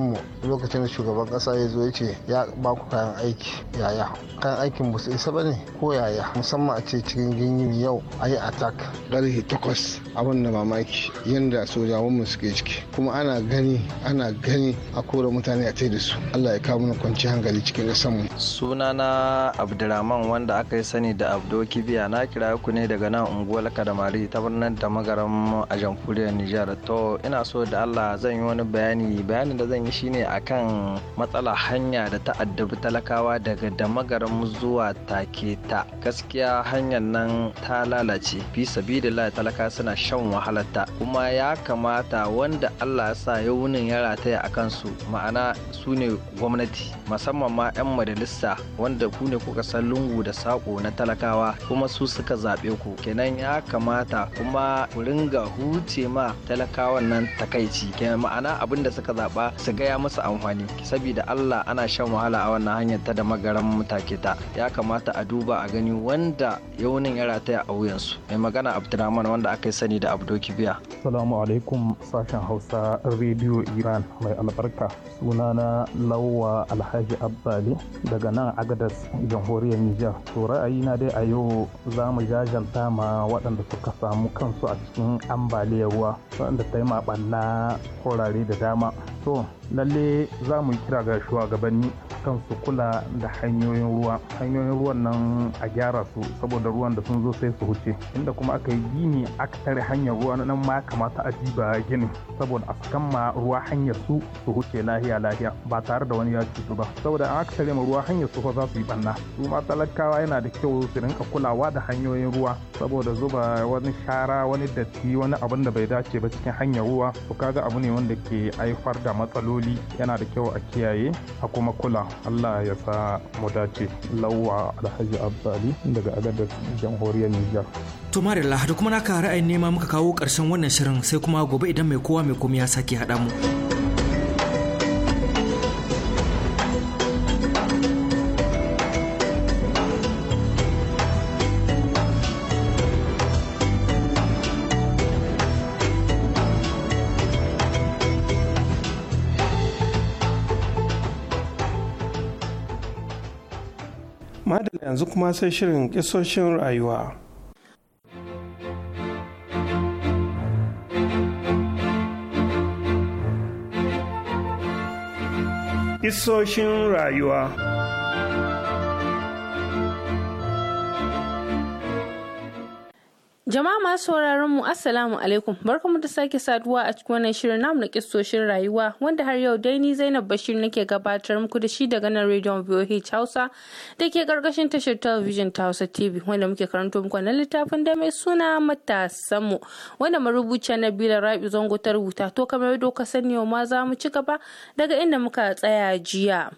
H: mu lokacin da shugaban kasa ya zo ya ce ya ba ku kayan aiki yaya kayan aikin ba su isa ba ne ko yaya musamman a ce cikin ginin yau a yi attack ɗari takwas abin da mamaki yadda sojawanmu suke ciki kuma ana gani ana gani a kora mutane a tai da su allah ya kawo mana kwanci hankali cikin mu.
K: sunana abdulrahman wanda aka yi sani da abdo kibiya na kira ku ne daga nan unguwar kadamari ta birnin da magaran a jamhuriyar nijar to ina so da allah zan yi wani bayani bayanin da zan yi shine akan matsala hanya da ta addabi talakawa daga damagaram zuwa take ta gaskiya hanyar nan ta lalace fi sabidillah talaka suna shan wahalarta kuma ya kamata wanda Allah ya sa ya wunin ya rataya a kansu ma'ana su ne gwamnati musamman ma 'yan majalisa wanda ku ne kuka san lungu da sako na talakawa kuma su suka zaɓe ku kenan ya kamata kuma ku ringa huce ma talakawan nan takaici kenan ma'ana abin da suka suka zaɓa su gaya musu amfani saboda allah ana shan wahala a wannan hanyar ta da magaran mutake ta ya kamata a duba a gani wanda yaunin ya rataya a wuyansu mai magana abdulrahman wanda aka yi sani da abdoki biya
L: salamu alaikum sashen hausa rediyo iran mai albarka sunana lawa alhaji abbali daga nan agadas jamhuriyar nijar to ra'ayina dai a yau za mu jajanta ma waɗanda suka samu kansu a cikin ambaliyar ruwa waɗanda ta yi maɓanna kurare da dama 坐。lalle za mu kira ga shugabanni kan su kula da hanyoyin ruwa hanyoyin ruwan nan a gyara su saboda ruwan da sun zo sai su huce inda kuma aka yi gini aka tare hanyar ruwa nan ma kamata a ji ba gini saboda a ma ruwa hanyar su su huce lahiya lahiya ba tare da wani ya cutu ba saboda an aka tare ma ruwa hanyar su fa za su yi banna su ma talakawa yana da kyau su rinka kulawa da hanyoyin ruwa saboda zuba wani shara wani datti wani abin da bai dace ba cikin hanyar ruwa to kaga abu ne wanda ke haifar da matsaloli matsaloli yana da kyau a kiyaye a kuma kula allah ya sa mu dace lawa alhaji abdali daga agadar jamhuriyar nijar
D: to marilla da kuma naka ra'ayin nema muka kawo ƙarshen wannan shirin sai kuma gobe idan mai kowa mai komai ya sake haɗa mu
A: yanzu kuma sai shirin kisoshin rayuwa. Kisoshin rayuwa
M: Jama'a masu sauraron mu Assalamu alaikum mu da sake saduwa a cikin wannan shirin namu na kissoshin rayuwa wanda har yau dai ni Zainab Bashir nake gabatar muku da shi daga nan Radio VOH Hausa da ke karkashin tashar Television ta Hausa TV wanda muke karanto muku na littafin da mai suna matasan mu wanda marubuciya Nabila Rabi Zango ta rubuta to kamar yadda ka sani yau ma za mu ci gaba daga inda muka tsaya jiya.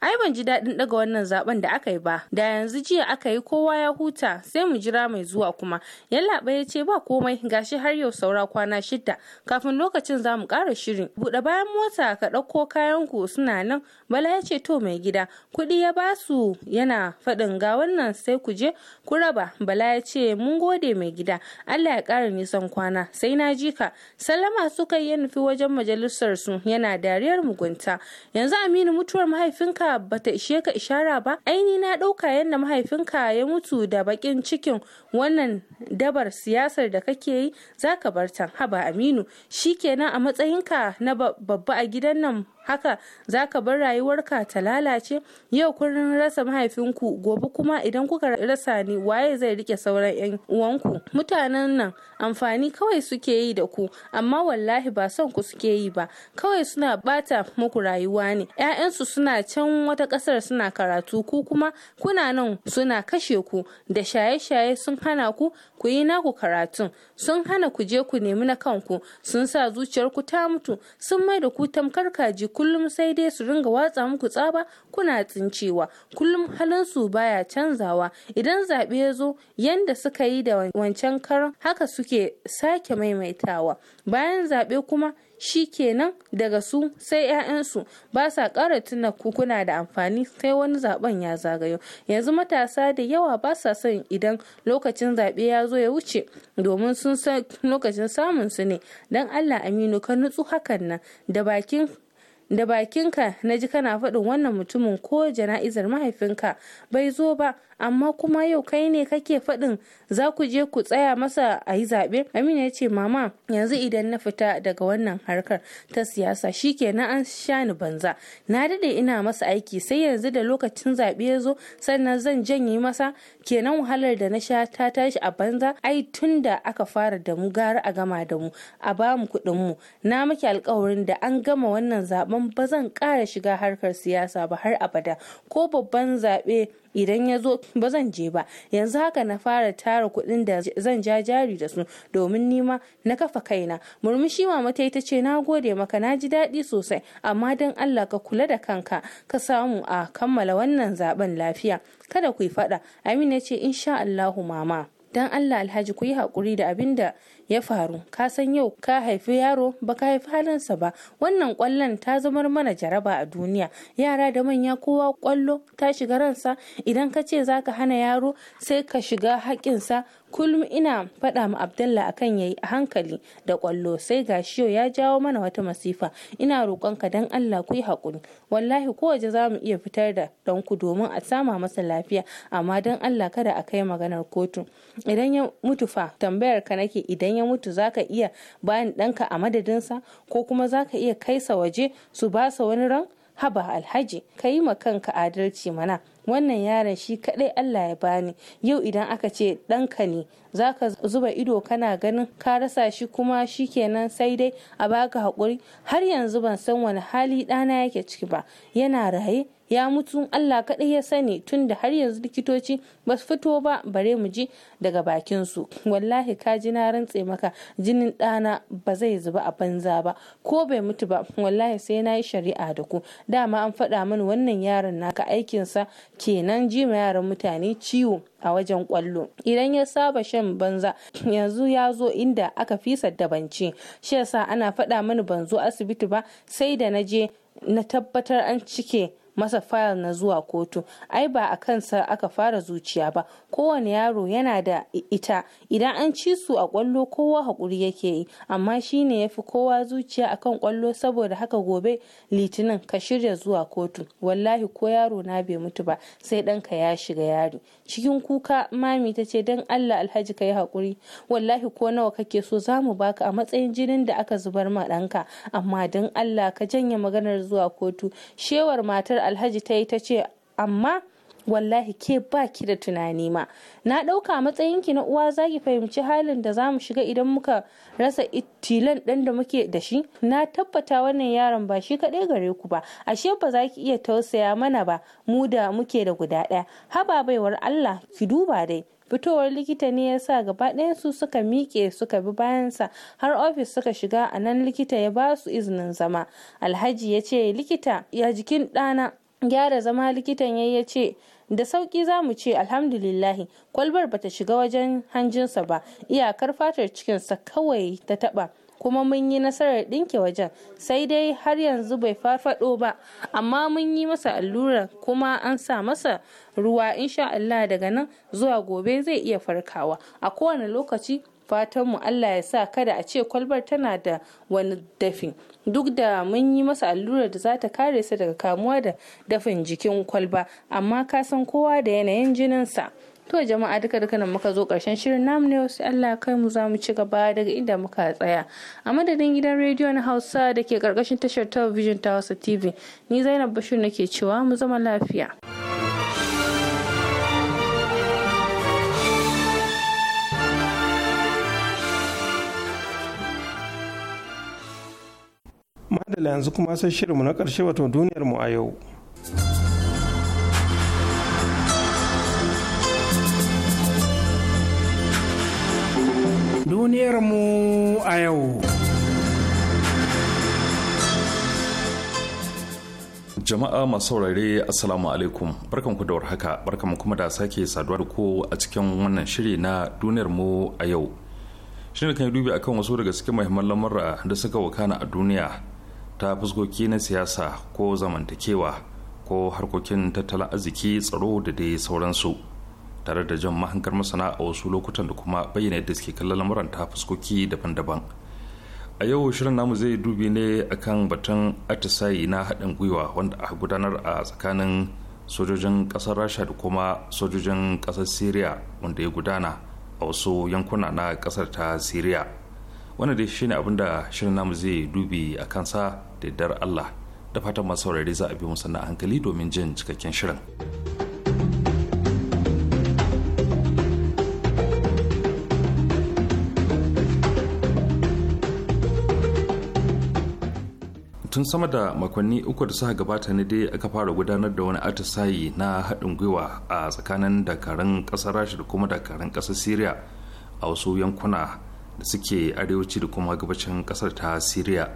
M: Ai ban ji daɗin ɗaga wannan zaben da aka yi ba. Da yanzu jiya aka yi kowa ya huta sai mu jira mai zuwa kuma. Yallaɓa ya ce ba komai gashi har yau saura kwana shida kafin lokacin za mu ƙara shirin. Buɗe bayan mota ka ɗauko kayan ku suna nan. Bala ya ce to mai gida kuɗi ya basu yana faɗin ga wannan sai ku je ku raba. Bala ya ce mun gode mai gida Allah ya ƙara nisan kwana sai na ji ka. Sallama suka yi nufi wajen majalisarsu. yana dariyar mugunta. Yanzu Aminu mutuwar mahaifinka haka bata ishe ka ishara ba aini na ɗauka yadda mahaifinka ya mutu da bakin cikin wannan dabar siyasar da kake yi zaka bar ta haba aminu shikenan a matsayinka na babba a gidan nan haka za ka bar rayuwarka ta lalace yau kun rasa mahaifinku gobe kuma idan kuka rasa ni waye zai rike sauran yan uwanku mutanen nan amfani kawai suke yi da ku amma wallahi ba son ku suke yi ba kawai suna bata muku rayuwa ne ƴaƴansu suna can wata ƙasar suna karatu ku kuma kuna nan suna kashe ku da shaye-shaye sun hana ku ku yi naku karatun sun hana ku je ku nemi na kanku sun sa zuciyarku ta mutu sun mai da ku tamkar kaji kullum sai dai su ringa watsa muku tsaba kuna tsincewa kullum halin su baya canzawa idan zaɓe ya zo yanda suka yi da wancan karan haka suke sake maimaitawa bayan zaɓe kuma shi kenan daga su sai 'ya'yansu ba sa ƙara tuna kuna da amfani sai wani zaben ya zagayo yanzu matasa da yawa ba sa son idan lokacin zaɓe ya zo ya wuce domin sun san lokacin samun su ne don allah aminu ka nutsu hakan nan da bakin da bakinka na ji kana faɗin wannan mutumin ko jana'izar mahaifinka bai zo ba amma kuma yau kai ne kake faɗin za ku je ku tsaya masa a yi zaɓe amina ya ce mama yanzu idan na fita daga wannan harkar ta siyasa shi shikenan an sha ni banza na daɗe ina masa aiki sai yanzu da lokacin zaɓe ya zo sannan zan janye masa kenan wahalar da na sha ta tashi a banza ai tun da aka fara da mu gara a gama da mu a ba mu kuɗin mu na maki alkawarin da an gama wannan zaben ba zan ƙara shiga harkar siyasa ba har abada ko babban zaɓe idan ya zo ba zan je ba yanzu haka na fara tara kuɗin da zan ja jari da su domin nima na kafa kaina murmushi mama ta ta ce na gode maka na ji daɗi sosai amma don Allah ka kula da kanka ka samu a kammala wannan zaben lafiya kada ku yi faɗa Amina ce insha Allahu mama dan Allah Alhaji ku yi haƙuri da abinda. ya faru ka san yau ka haifi yaro ba ka haifi halinsa ba wannan kwallon ta zamar mana jaraba a duniya yara da manya kowa kwallo ta shiga ransa idan ka ce za ka hana yaro sai ka shiga haƙinsa kullum ina faɗa ma abdallah akan yayi a hankali da ƙwallo sai ga gashiyo ya jawo mana wata masifa ina roƙonka dan allah ku yi haƙuri wallahi kowace za mu iya fitar da ku domin a sama masa lafiya amma dan allah kada a kai maganar kotu idan ya mutu fa tambayar ka nake idan ya mutu zaka iya bayan ɗanka a madadinsa ko kuma zaka iya kaisa waje su basa wani ran haba alhaji ka yi ma kanka adalci mana wannan yaron shi kadai Allah ya bani yau idan aka ce ɗanka ne ka zuba ido kana ganin ka rasa shi kuma shi kenan sai dai a baka haƙuri har yanzu ban san wani hali ɗana yake ciki ba yana raye ya mutu Allah kaɗai ya sani tun da har yanzu likitoci ba su fito ba bare mu ji daga bakin su wallahi ka ji na rantse maka jinin ɗana ba zai zuba a banza ba ko bai mutu ba wallahi sai na yi shari'a da ku dama an faɗa mani wannan yaron naka aikin sa kenan ji ma yaran mutane ciwo a wajen kwallo idan ya saba shan banza yanzu ya zo inda aka fi saddabanci shi yasa ana faɗa mani ban zo asibiti ba sai da na je na tabbatar an cike masa fayil na zuwa kotu ai ba a kansa aka fara zuciya ba kowane yaro yana da ita idan an ci su a kwallo kowa hakuri yake yi amma shi ne ya kowa zuciya akan kwallo saboda haka gobe litinin ka shirya zuwa kotu wallahi ko yaro na bai mutu ba sai ɗanka ya shiga yari cikin kuka mami ta ce don allah alhaji ka yi hakuri wallahi ko nawa kake so za mu baka a matsayin jinin da aka zubar ma ɗanka amma don allah ka janye maganar zuwa kotu shewar matar alhaji ta yi ta ce amma wallahi ke ba ki da tunani ma na ɗauka matsayinki na uwa za ki fahimci halin da za mu shiga idan muka rasa itilan ɗan da muke da shi na tabbata wannan yaron ba shi kaɗai gare ku ba ashe ba za ki iya tausaya mana ba mu da muke da guda ɗaya haba baiwar allah ki duba dai fitowar likita ne ya sa gaba su suka miƙe suka bi bayansa har ofis suka shiga a nan likita ya ba su izinin zama alhaji ya ce likita ya jikin ɗana gyara zama likitan ya ce da sauki za mu ce alhamdulillahi kwalbar bata shiga wajen hanjinsa ba iyakar fatar cikinsa kawai ta taba kuma mun yi nasarar ɗinke wajen sai dai har yanzu bai farfado ba amma mun yi masa allura kuma an sa masa ruwa insha Allah daga nan zuwa gobe zai iya farkawa a kowane lokaci fatanmu Allah ya sa kada a ce kwalbar tana da wani dafi duk da mun yi masa allurar da za ta kare sa daga kamuwa da dafin jikin kwalba amma ka san kowa da yanayin jininsa. to jama'a duka duka nan muka zo karshen shirin namu ne wasu Allah kai mu za mu ci gaba daga inda muka tsaya a madadin gidan rediyo na Hausa da ke karkashin tashar talabijin ta Hausa TV ni Zainab Bashir nake cewa mu zama lafiya.
A: Madala yanzu kuma sai shirinmu na ƙarshe wato duniyarmu a yau.
H: duniyarmu a yau.
C: Jama'a masu saurare Assalamu alaikum barkan ku da warhaka barkan kuma da sake saduwa da ku a cikin wannan shiri na duniyarmu a yau. Shirin kan dubi akan wasu daga cikin muhimman lamura da suka wakana a duniya ta fuskoki na siyasa ko zamantakewa ko harkokin tattalin arziki tsaro da dai sauransu. tare da jan mahankar masana a wasu lokutan da kuma bayyana yadda suke kallon lamuran ta fuskoki daban-daban a yau shirin namu zai dubi ne akan batun atisayi na haɗin gwiwa wanda a gudanar a tsakanin sojojin ƙasar rasha da kuma sojojin ƙasar syria wanda ya gudana a wasu yankuna na ƙasar ta syria wanda dai shine abin da shirin namu zai dubi a kansa da dar allah da fatan masu saurari za a bi mu sannan hankali domin jin cikakken shirin. tun sama da makonni uku da suka gabata ne dai aka fara gudanar da wani atisayi na haɗin gwiwa a tsakanin dakarun ƙasar rasha da kuma dakarun ƙasar syria a wasu yankuna da suke arewaci da kuma gabacin ƙasar ta syria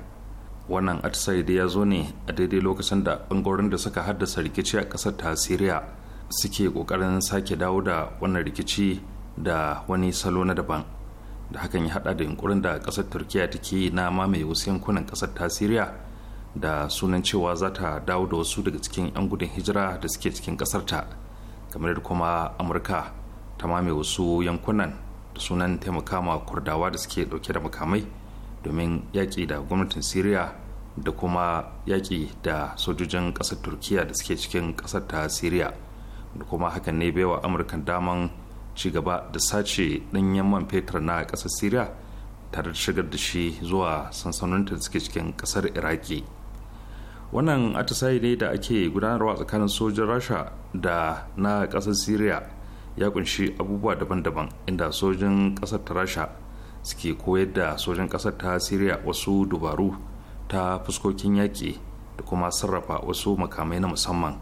C: wannan atisayi dai ya zo ne a daidai lokacin da ɓangaren da suka haddasa rikici a ƙasar ta syria suke ƙoƙarin sake dawo da wannan rikici da wani salo na daban da hakan ya hada da yunkurin da ƙasar turkiya take na mamaye wasu yankunan ƙasar ta syria da sunan cewa za ta dawo da wasu daga cikin 'yan gudun hijira da suke cikin ƙasarta kamar da kuma amurka ta mame wasu yankunan da sunan taimaka ma kurdawa da suke dauke da makamai domin yaƙi da gwamnatin syria da kuma yaƙi da sojojin ƙasar turkiya da suke cikin ƙasar ta syria da kuma hakan ne baiwa amurka daman ci gaba da sace ɗanyen man fetur na ƙasar syria tare da shigar da shi zuwa sansanonta da suke cikin ƙasar iraki wannan atisayi ne da ake gudanarwa tsakanin sojin rasha da na ƙasar syria ya kunshi abubuwa daban-daban inda sojin ƙasar ta rasha suke koyar da sojin ƙasar ta syria wasu dubaru ta fuskokin yaƙi da kuma sarrafa wasu makamai na musamman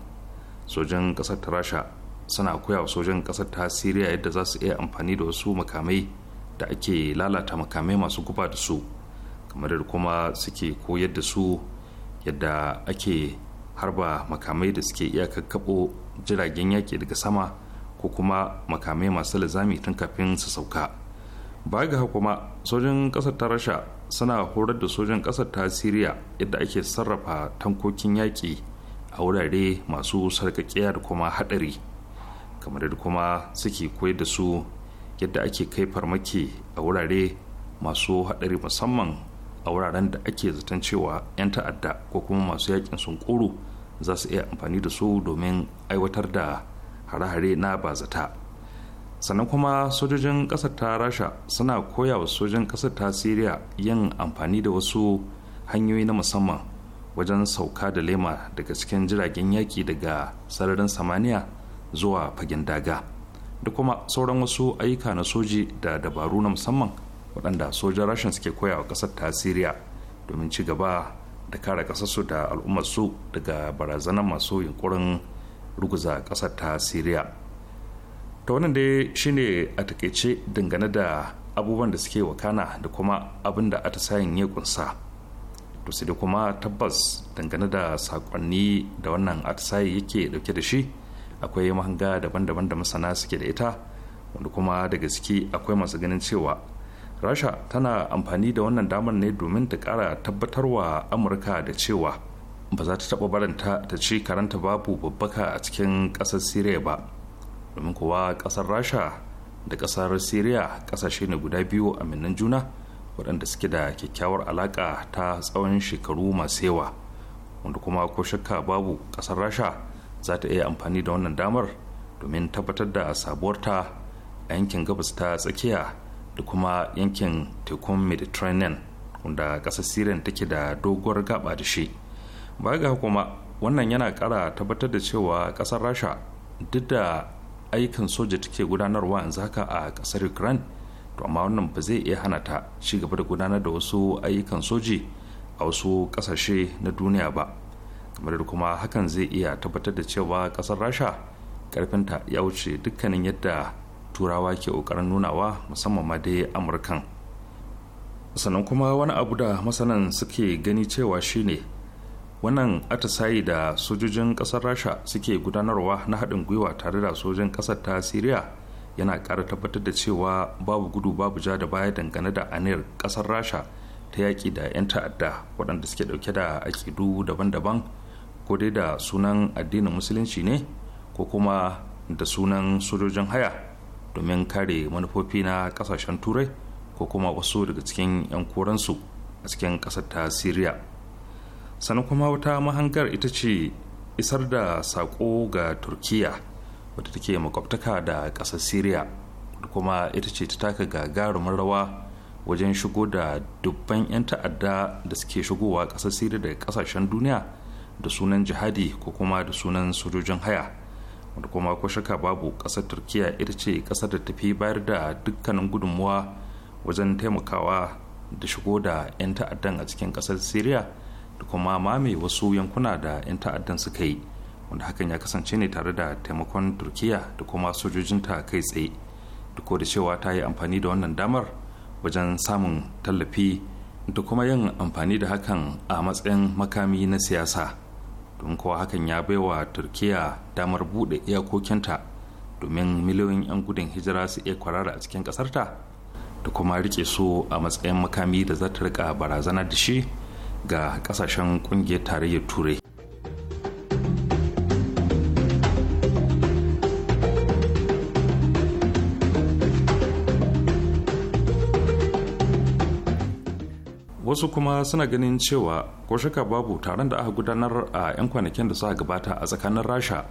C: sojin ƙasar ta rasha suna koya wa sojin ƙasar ta syria yadda za su iya amfani da wasu makamai da ake lalata makamai masu guba da su kamar da kuma suke koyar da su yadda ake harba makamai da suke iya kakkaɓo jiragen yaƙi daga sama ko kuma makamai masu lizami tun kafin su sauka ba ga kuma sojin ƙasar ta rasha suna horar da sojin ƙasar ta siriya yadda ake sarrafa tankokin yaƙi a wurare masu sarƙaƙiya da kuma haɗari kamar da kuma suke koyar da su yadda ake kai farmaki a wurare masu haɗari musamman a wuraren da ake zaton cewa 'yan ta'adda ko kuma masu yakin sun koro za su iya amfani da su domin aiwatar da hare-hare na bazata sannan kuma sojojin kasar ta rasha suna koya wa sojojin kasar ta syria yin amfani da wasu hanyoyi na musamman wajen sauka da lema daga cikin jiragen yaki daga sararin samaniya zuwa fagen daga da kuma sauran wasu ayyuka na soji da dabaru na musamman waɗanda sojan rashin suke koya wa ƙasar ta siriya domin ci gaba da kare ƙasarsu da al'ummarsu daga barazanar masu yunkurin ruguza ƙasar ta siriya ta wannan dai shine a takaice dangane da abubuwan da suke wakana da kuma abin da atisayen ya kunsa to sai kuma tabbas dangane da sakonni da wannan atisaye yake dauke da shi akwai mahanga daban-daban da masana suke da ita wanda kuma da gaske akwai masu ganin cewa rasha tana amfani da wannan damar ne domin ta kara tabbatarwa amurka da cewa ba za ta taba baranta ta ci karanta babu babbaka a cikin kasar syria ba domin kuwa kasar rasha da kasar syria kasashe ne guda biyu a minnan juna waɗanda suke da kyakkyawar alaƙa ta tsawon shekaru masu yawa wanda kuma ko shakka babu kasar rasha za ta iya amfani da wannan damar domin tabbatar da sabuwarta a yankin gabas ta tsakiya da kuma yankin tekun mediterranean wanda ƙasar syrian take da doguwar gaba da shi baya ga kuma wannan yana ƙara tabbatar da cewa ƙasar rasha duk da aikin soja take gudanarwa yanzu haka a ƙasar ukraine to amma wannan ba zai iya hana ta ci gaba da gudanar da wasu ayyukan soji a wasu ƙasashe na duniya ba kamar da kuma hakan zai iya tabbatar da cewa ƙasar rasha ƙarfinta ya wuce dukkanin yadda turawa ke ƙoƙarin nunawa musamman ma dai amurkan sannan kuma wani abu da masanan suke gani cewa shine wannan atisayi da sojojin ƙasar rasha suke gudanarwa na haɗin gwiwa tare da sojojin ƙasar ta siriya yana ƙara tabbatar da cewa babu gudu babu ja da baya dangane da aniyar ƙasar rasha ta yaƙi da 'yan ta'adda waɗanda suke ɗauke da aƙidu daban-daban ko dai da sunan addinin musulunci ne ko kuma da sunan sojojin haya domin kare manufofi na kasashen turai ko kuma wasu daga cikin 'yan koransu a cikin ƙasar ta syria sannan kuma wata mahangar ita ce isar da saƙo ga turkiya wata take makwabtaka da ƙasar siriya da kuma ita ce ta taka gagarumin rawa wajen shigo da dubban 'yan ta'adda da suke shigowa ƙasar syria daga ƙasashen duniya da sunan jihadi ko kuma da sunan sojojin haya wanda kuma ko shaka babu ƙasar turkiya ita ce ƙasar da tafi bayar da dukkanin gudunmuwa wajen taimakawa da shigo da 'yan ta'addan a cikin kasar syria da kuma mame wasu yankuna da 'yan ta'addan suka yi wanda hakan ya kasance ne tare da taimakon turkiya da kuma sojojinta kai tsaye duk da cewa ta yi amfani da wannan damar wajen samun tallafi da kuma yin amfani da hakan a matsayin makami na siyasa. don kowa hakan ya bai wa turkiya damar buɗe iyakokinta domin miliyoyin 'yan gudun hijira su iya kwarara a cikin ƙasarta da kuma rike su a matsayin makami da za ta rika barazana da shi ga ƙasashen ƙungiyar tarayyar turai wasu kuma suna ganin cewa ko shaka babu taron da aka gudanar a 'yan kwanakin da suka gabata a tsakanin rasha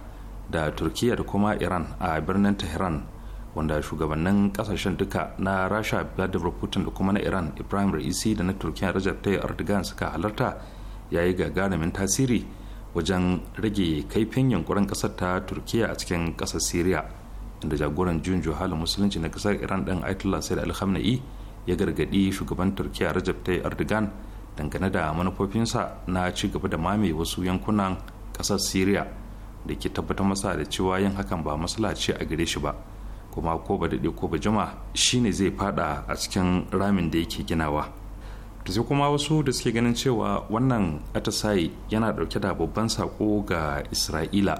C: da turkiya da kuma iran a birnin tehran wanda shugabannin kasashen duka na rasha vladimir putin da kuma na iran ibrahim raisi da na turkiya rajab tayyip erdogan suka halarta ya yi gagarumin tasiri wajen rage kaifin yankuran kasar ta turkiya a cikin kasar syria inda jagoran juyin juhalin musulunci na kasar iran din ayatollah sayyid al-khamenei ya gargadi shugaban turkiya rajab tayyip erdogan dangane da manufofinsa na ci gaba da mame wasu yankunan kasar syria da ke tabbatar masa da cewa yin hakan ba matsala ce a gare shi ba kuma ko ba daɗe ko ba jima shine zai fada a cikin ramin da yake ginawa da sai kuma wasu da suke ganin cewa wannan atisaye yana ɗauke da babban sako ga isra'ila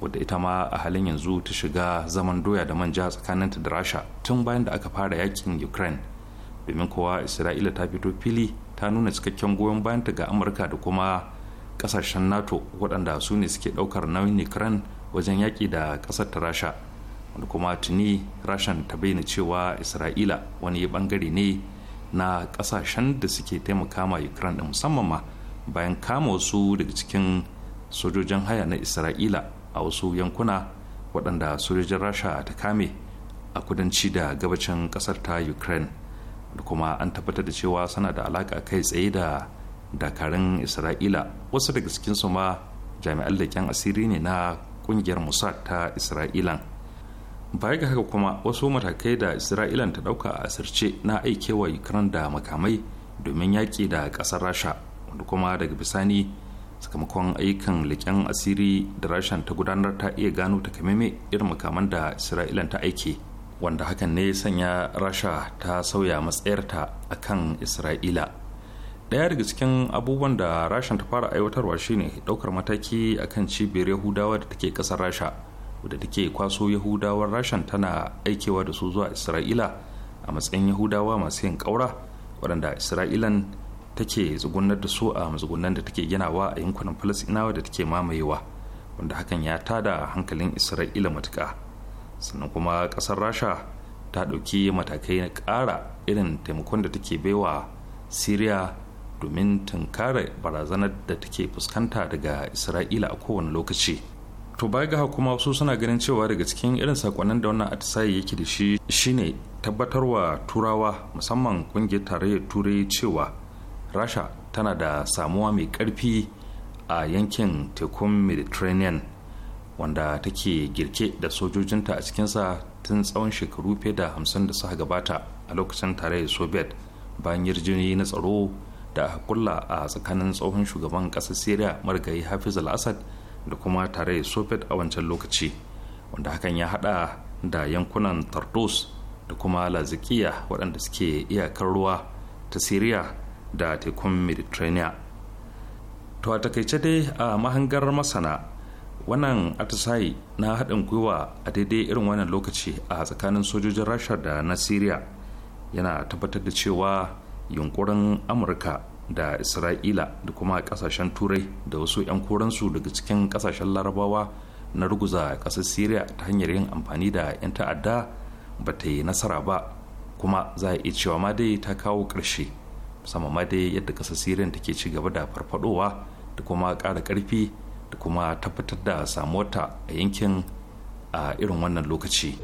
C: wadda ita ma a halin yanzu ta shiga zaman doya da manja tsakaninta da rasha tun bayan da aka fara yakin ukraine domin kowa isra'ila ta fito fili ta nuna cikakken goyon bayanta ga amurka da kuma kasashen nato waɗanda su ne suke ɗaukar nauyin ukraine wajen yaƙi da ƙasar ta rasha wanda kuma tuni rashan ta bayyana cewa isra'ila wani bangare ne na ƙasashen da suke taimaka ma ukraine da musamman ma bayan kama wasu daga cikin sojojin haya na isra'ila a wasu yankuna waɗanda sojojin rasha ta kame a kudanci da gabacin ƙasar ta ukraine kuma an tabbatar da cewa suna da alaka kai tsaye da dakarun isra'ila wasu daga cikinsu ma jami'an leƙen asiri ne na ƙungiyar mossad ta isra'ilan baya ga haka kuma wasu matakai da isra'ilan ta ɗauka a asirce na aikewa ukraine da makamai domin yaƙi da ƙasar rasha wanda kuma daga bisani sakamakon ayyukan leƙen asiri da rashan ta gudanar ta iya gano takamaimai irin makaman da isra'ilan ta aike wanda hakan ne sanya rasha ta sauya matsayarta a kan isra'ila ɗaya daga cikin abubuwan da rashin ta fara aiwatarwa shine daukar mataki a kan cibiyar yahudawa da take kasar rasha wadda take kwaso yahudawan rashin tana aikewa da su zuwa isra'ila a matsayin yahudawa masu yin kaura waɗanda isra'ilan take tsugunar da su a matsugunan da take ginawa a yankunan falasinawa da take mamayewa wanda hakan ya tada hankalin isra'ila matuka sannan kuma kasar rasha ta ɗauki matakai na ƙara irin taimakon da take baiwa syria domin tunkare barazanar da take fuskanta daga isra'ila a kowane lokaci to baya ga kuma wasu suna ganin cewa daga cikin irin sakonnin da wannan atisaye yake da shi shine tabbatarwa turawa musamman kungiyar tarayyar turai cewa rasha tana da samuwa mai karfi a yankin tekun mediterranean wanda take girke da sojojinta a cikinsa tun tsawon shekaru fiye da hamsin da suka gabata a lokacin tarayyar soviet bayan yarjejeniyoyi na tsaro da aka kulla a tsakanin tsohon shugaban ƙasar syria marigayi hafiz al-assad da kuma tarayyar soviet a wancan lokaci wanda hakan ya hada da yankunan tardos da kuma lazikiya waɗanda suke iyakar ruwa ta syria da tekun mediterranean to a takaice dai a mahangar masana wannan atisaye na haɗin gwiwa a daidai irin wannan lokaci a tsakanin sojojin rasha da na syria yana tabbatar da cewa yunkurin amurka da isra'ila da kuma kasashen turai da wasu 'yan koransu daga cikin kasashen larabawa na ruguza ƙasar syria ta hanyar yin amfani da 'yan ta'adda ba ta yi nasara ba kuma za a iya cewa ma dai ta kawo ƙarshe sama ma dai yadda ƙasar syria take ci gaba da farfadowa da kuma ƙara karfi. da kuma tabbatar da samuwarta a yankin a irin wannan lokaci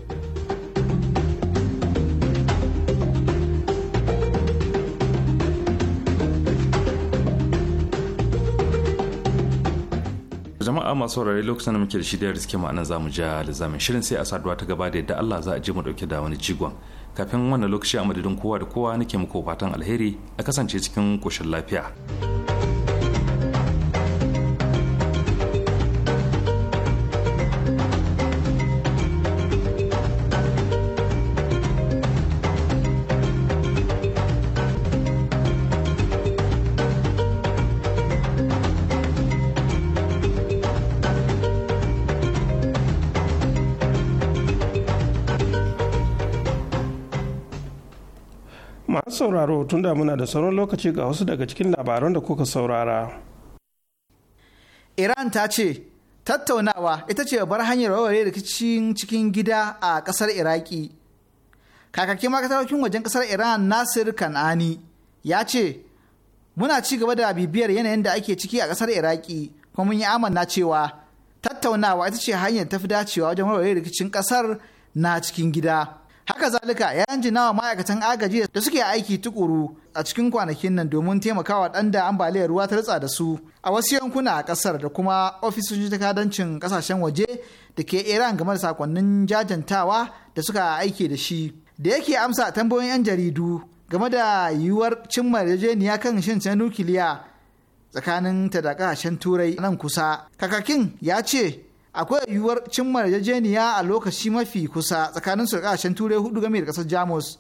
C: jama'a masu saurari lokacin da muke da shi da riske ma'anar zamu ja zamin shirin sai a saduwa ta gaba da yadda Allah za a ji mu dauke da wani jigon kafin wannan lokaci a madadin kowa da kowa nake muku fatan alheri a kasance cikin koshin lafiya.
A: sauraro tun tunda muna da sauran lokaci ga wasu daga cikin labaran da kuka saurara.
B: Iran ta ce tattaunawa ita ce bar hanyar warware rikicin cikin gida a kasar Iraki. Kakakin makatarokin wajen kasar Iran Nasir Kan'ani ya ce muna ci gaba da bibiyar yanayin da ake ciki a ƙasar Iraki kuma mun yi amanna cewa tattaunawa ita ce hanyar tafi dacewa wajen warware rikicin ƙasar na cikin gida. haka zalika ya jinjina wa ma'aikatan agaji da suke aiki tukuru a cikin kwanakin nan domin taimakawa ɗan da ambaliyar ruwa ta ritsa da su a wasu yankuna a ƙasar da kuma ofisoshin takadancin kasashen waje da ke iran game da sakonnin jajantawa da suka aiki da shi da yake amsa tambayoyin 'yan jaridu game da yiwuwar cimma yarjejeniya kan shan nukiliya tsakanin ta da kasashen turai nan kusa kakakin ya ce akwai yiwuwar cimma yarjejeniya a lokaci mafi kusa tsakanin su kasashen turai hudu game da kasar jamus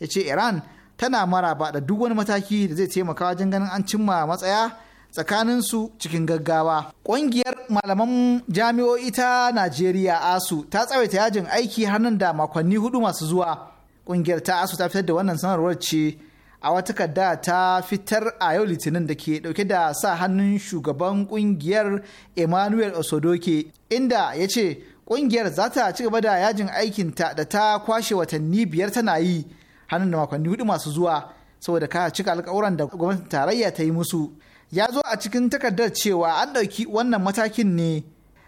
B: ya ce iran tana maraba da duk wani mataki da zai taimaka wajen ganin an cimma matsaya tsakanin su cikin gaggawa ƙungiyar malaman jami'o'i ta najeriya asu ta tsawaita yajin aiki har nan da makonni hudu masu zuwa ƙungiyar ta asu ta fitar da wannan sanarwar ce a wata kadda ta fitar a yau litinin da ke dauke da sa hannun shugaban kungiyar emmanuel osodoke inda ya ce kungiyar za ta ci gaba da yajin aikinta da ta kwashe watanni biyar tana yi hannun da makonni hudu masu zuwa saboda ka cika alkawuran da gwamnatin tarayya ta yi musu ya zo a cikin takardar cewa an ɗauki wannan matakin ne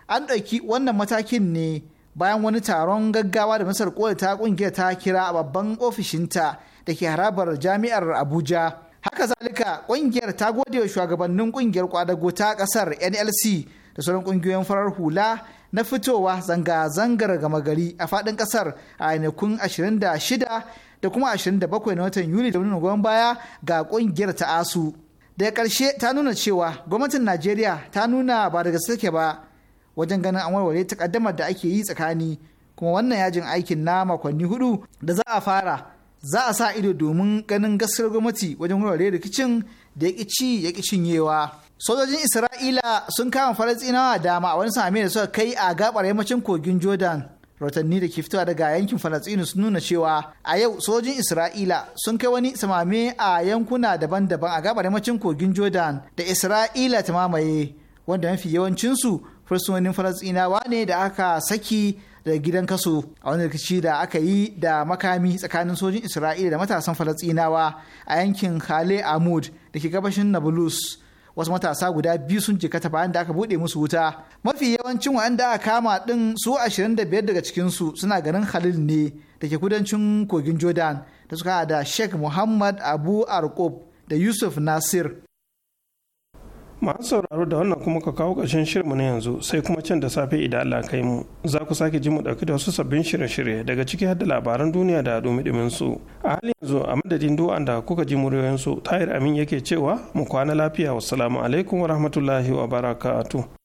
B: an ɗauki wannan matakin ne bayan wani taron gaggawa da masar ta kungiyar ta kira a babban ofishinta da ke harabar jami'ar abuja haka zalika ƙungiyar ta gode wa shugabannin ƙungiyar kwadago ta ƙasar nlc da sauran ƙungiyoyin farar hula na fitowa zanga-zangar gama gari a faɗin ƙasar a ainihin 26 da kuma 27 na watan yuli da wani baya ga ƙungiyar ta asu daga karshe ta nuna cewa gwamnatin najeriya ta nuna ba da gaske ba wajen ganin an warware takaddamar da ake yi tsakani kuma wannan yajin aikin na makonni hudu da za a fara za a sa ido domin ganin gaskiyar gwamnati wajen warware rikicin da ya ci ya ki cinyewa. Sojojin Isra'ila sun kama Falasɗinawa dama a wani sami da suka kai a gabar yammacin kogin Jordan. Rotanni da ke fitowa daga yankin Falasɗinu sun nuna cewa a yau sojojin Isra'ila sun kai wani samame a yankuna daban-daban a gabar yammacin kogin Jordan da Isra'ila ta mamaye wanda mafi yawancinsu fursunonin Falasɗinawa ne da aka saki da gidan kaso a wani rikici da aka yi da makami tsakanin sojin isra'ila da matasan falastinawa a yankin khale amud da ke gabashin nablus wasu matasa guda biyu sun jikata bayan da aka bude musu wuta mafi yawancin wa'anda aka kama din su 25 daga cikinsu suna ganin halil ne da ke kudancin kogin jordan da suka da sheikh muhammad abu arkob da yusuf nasir masu sauraro da wannan
A: kuma ka kawo ƙarshen shirinmu na yanzu sai kuma can da safe idan Allah kai mu za ku sake ji mu ɗauki da wasu sabbin shirye-shirye daga ciki har da labaran duniya da dumi su a halin yanzu a madadin du'an da kuka ji muryoyin su tahir amin yake cewa mu kwana lafiya wassalamu alaikum wa rahmatullahi wa barakatuh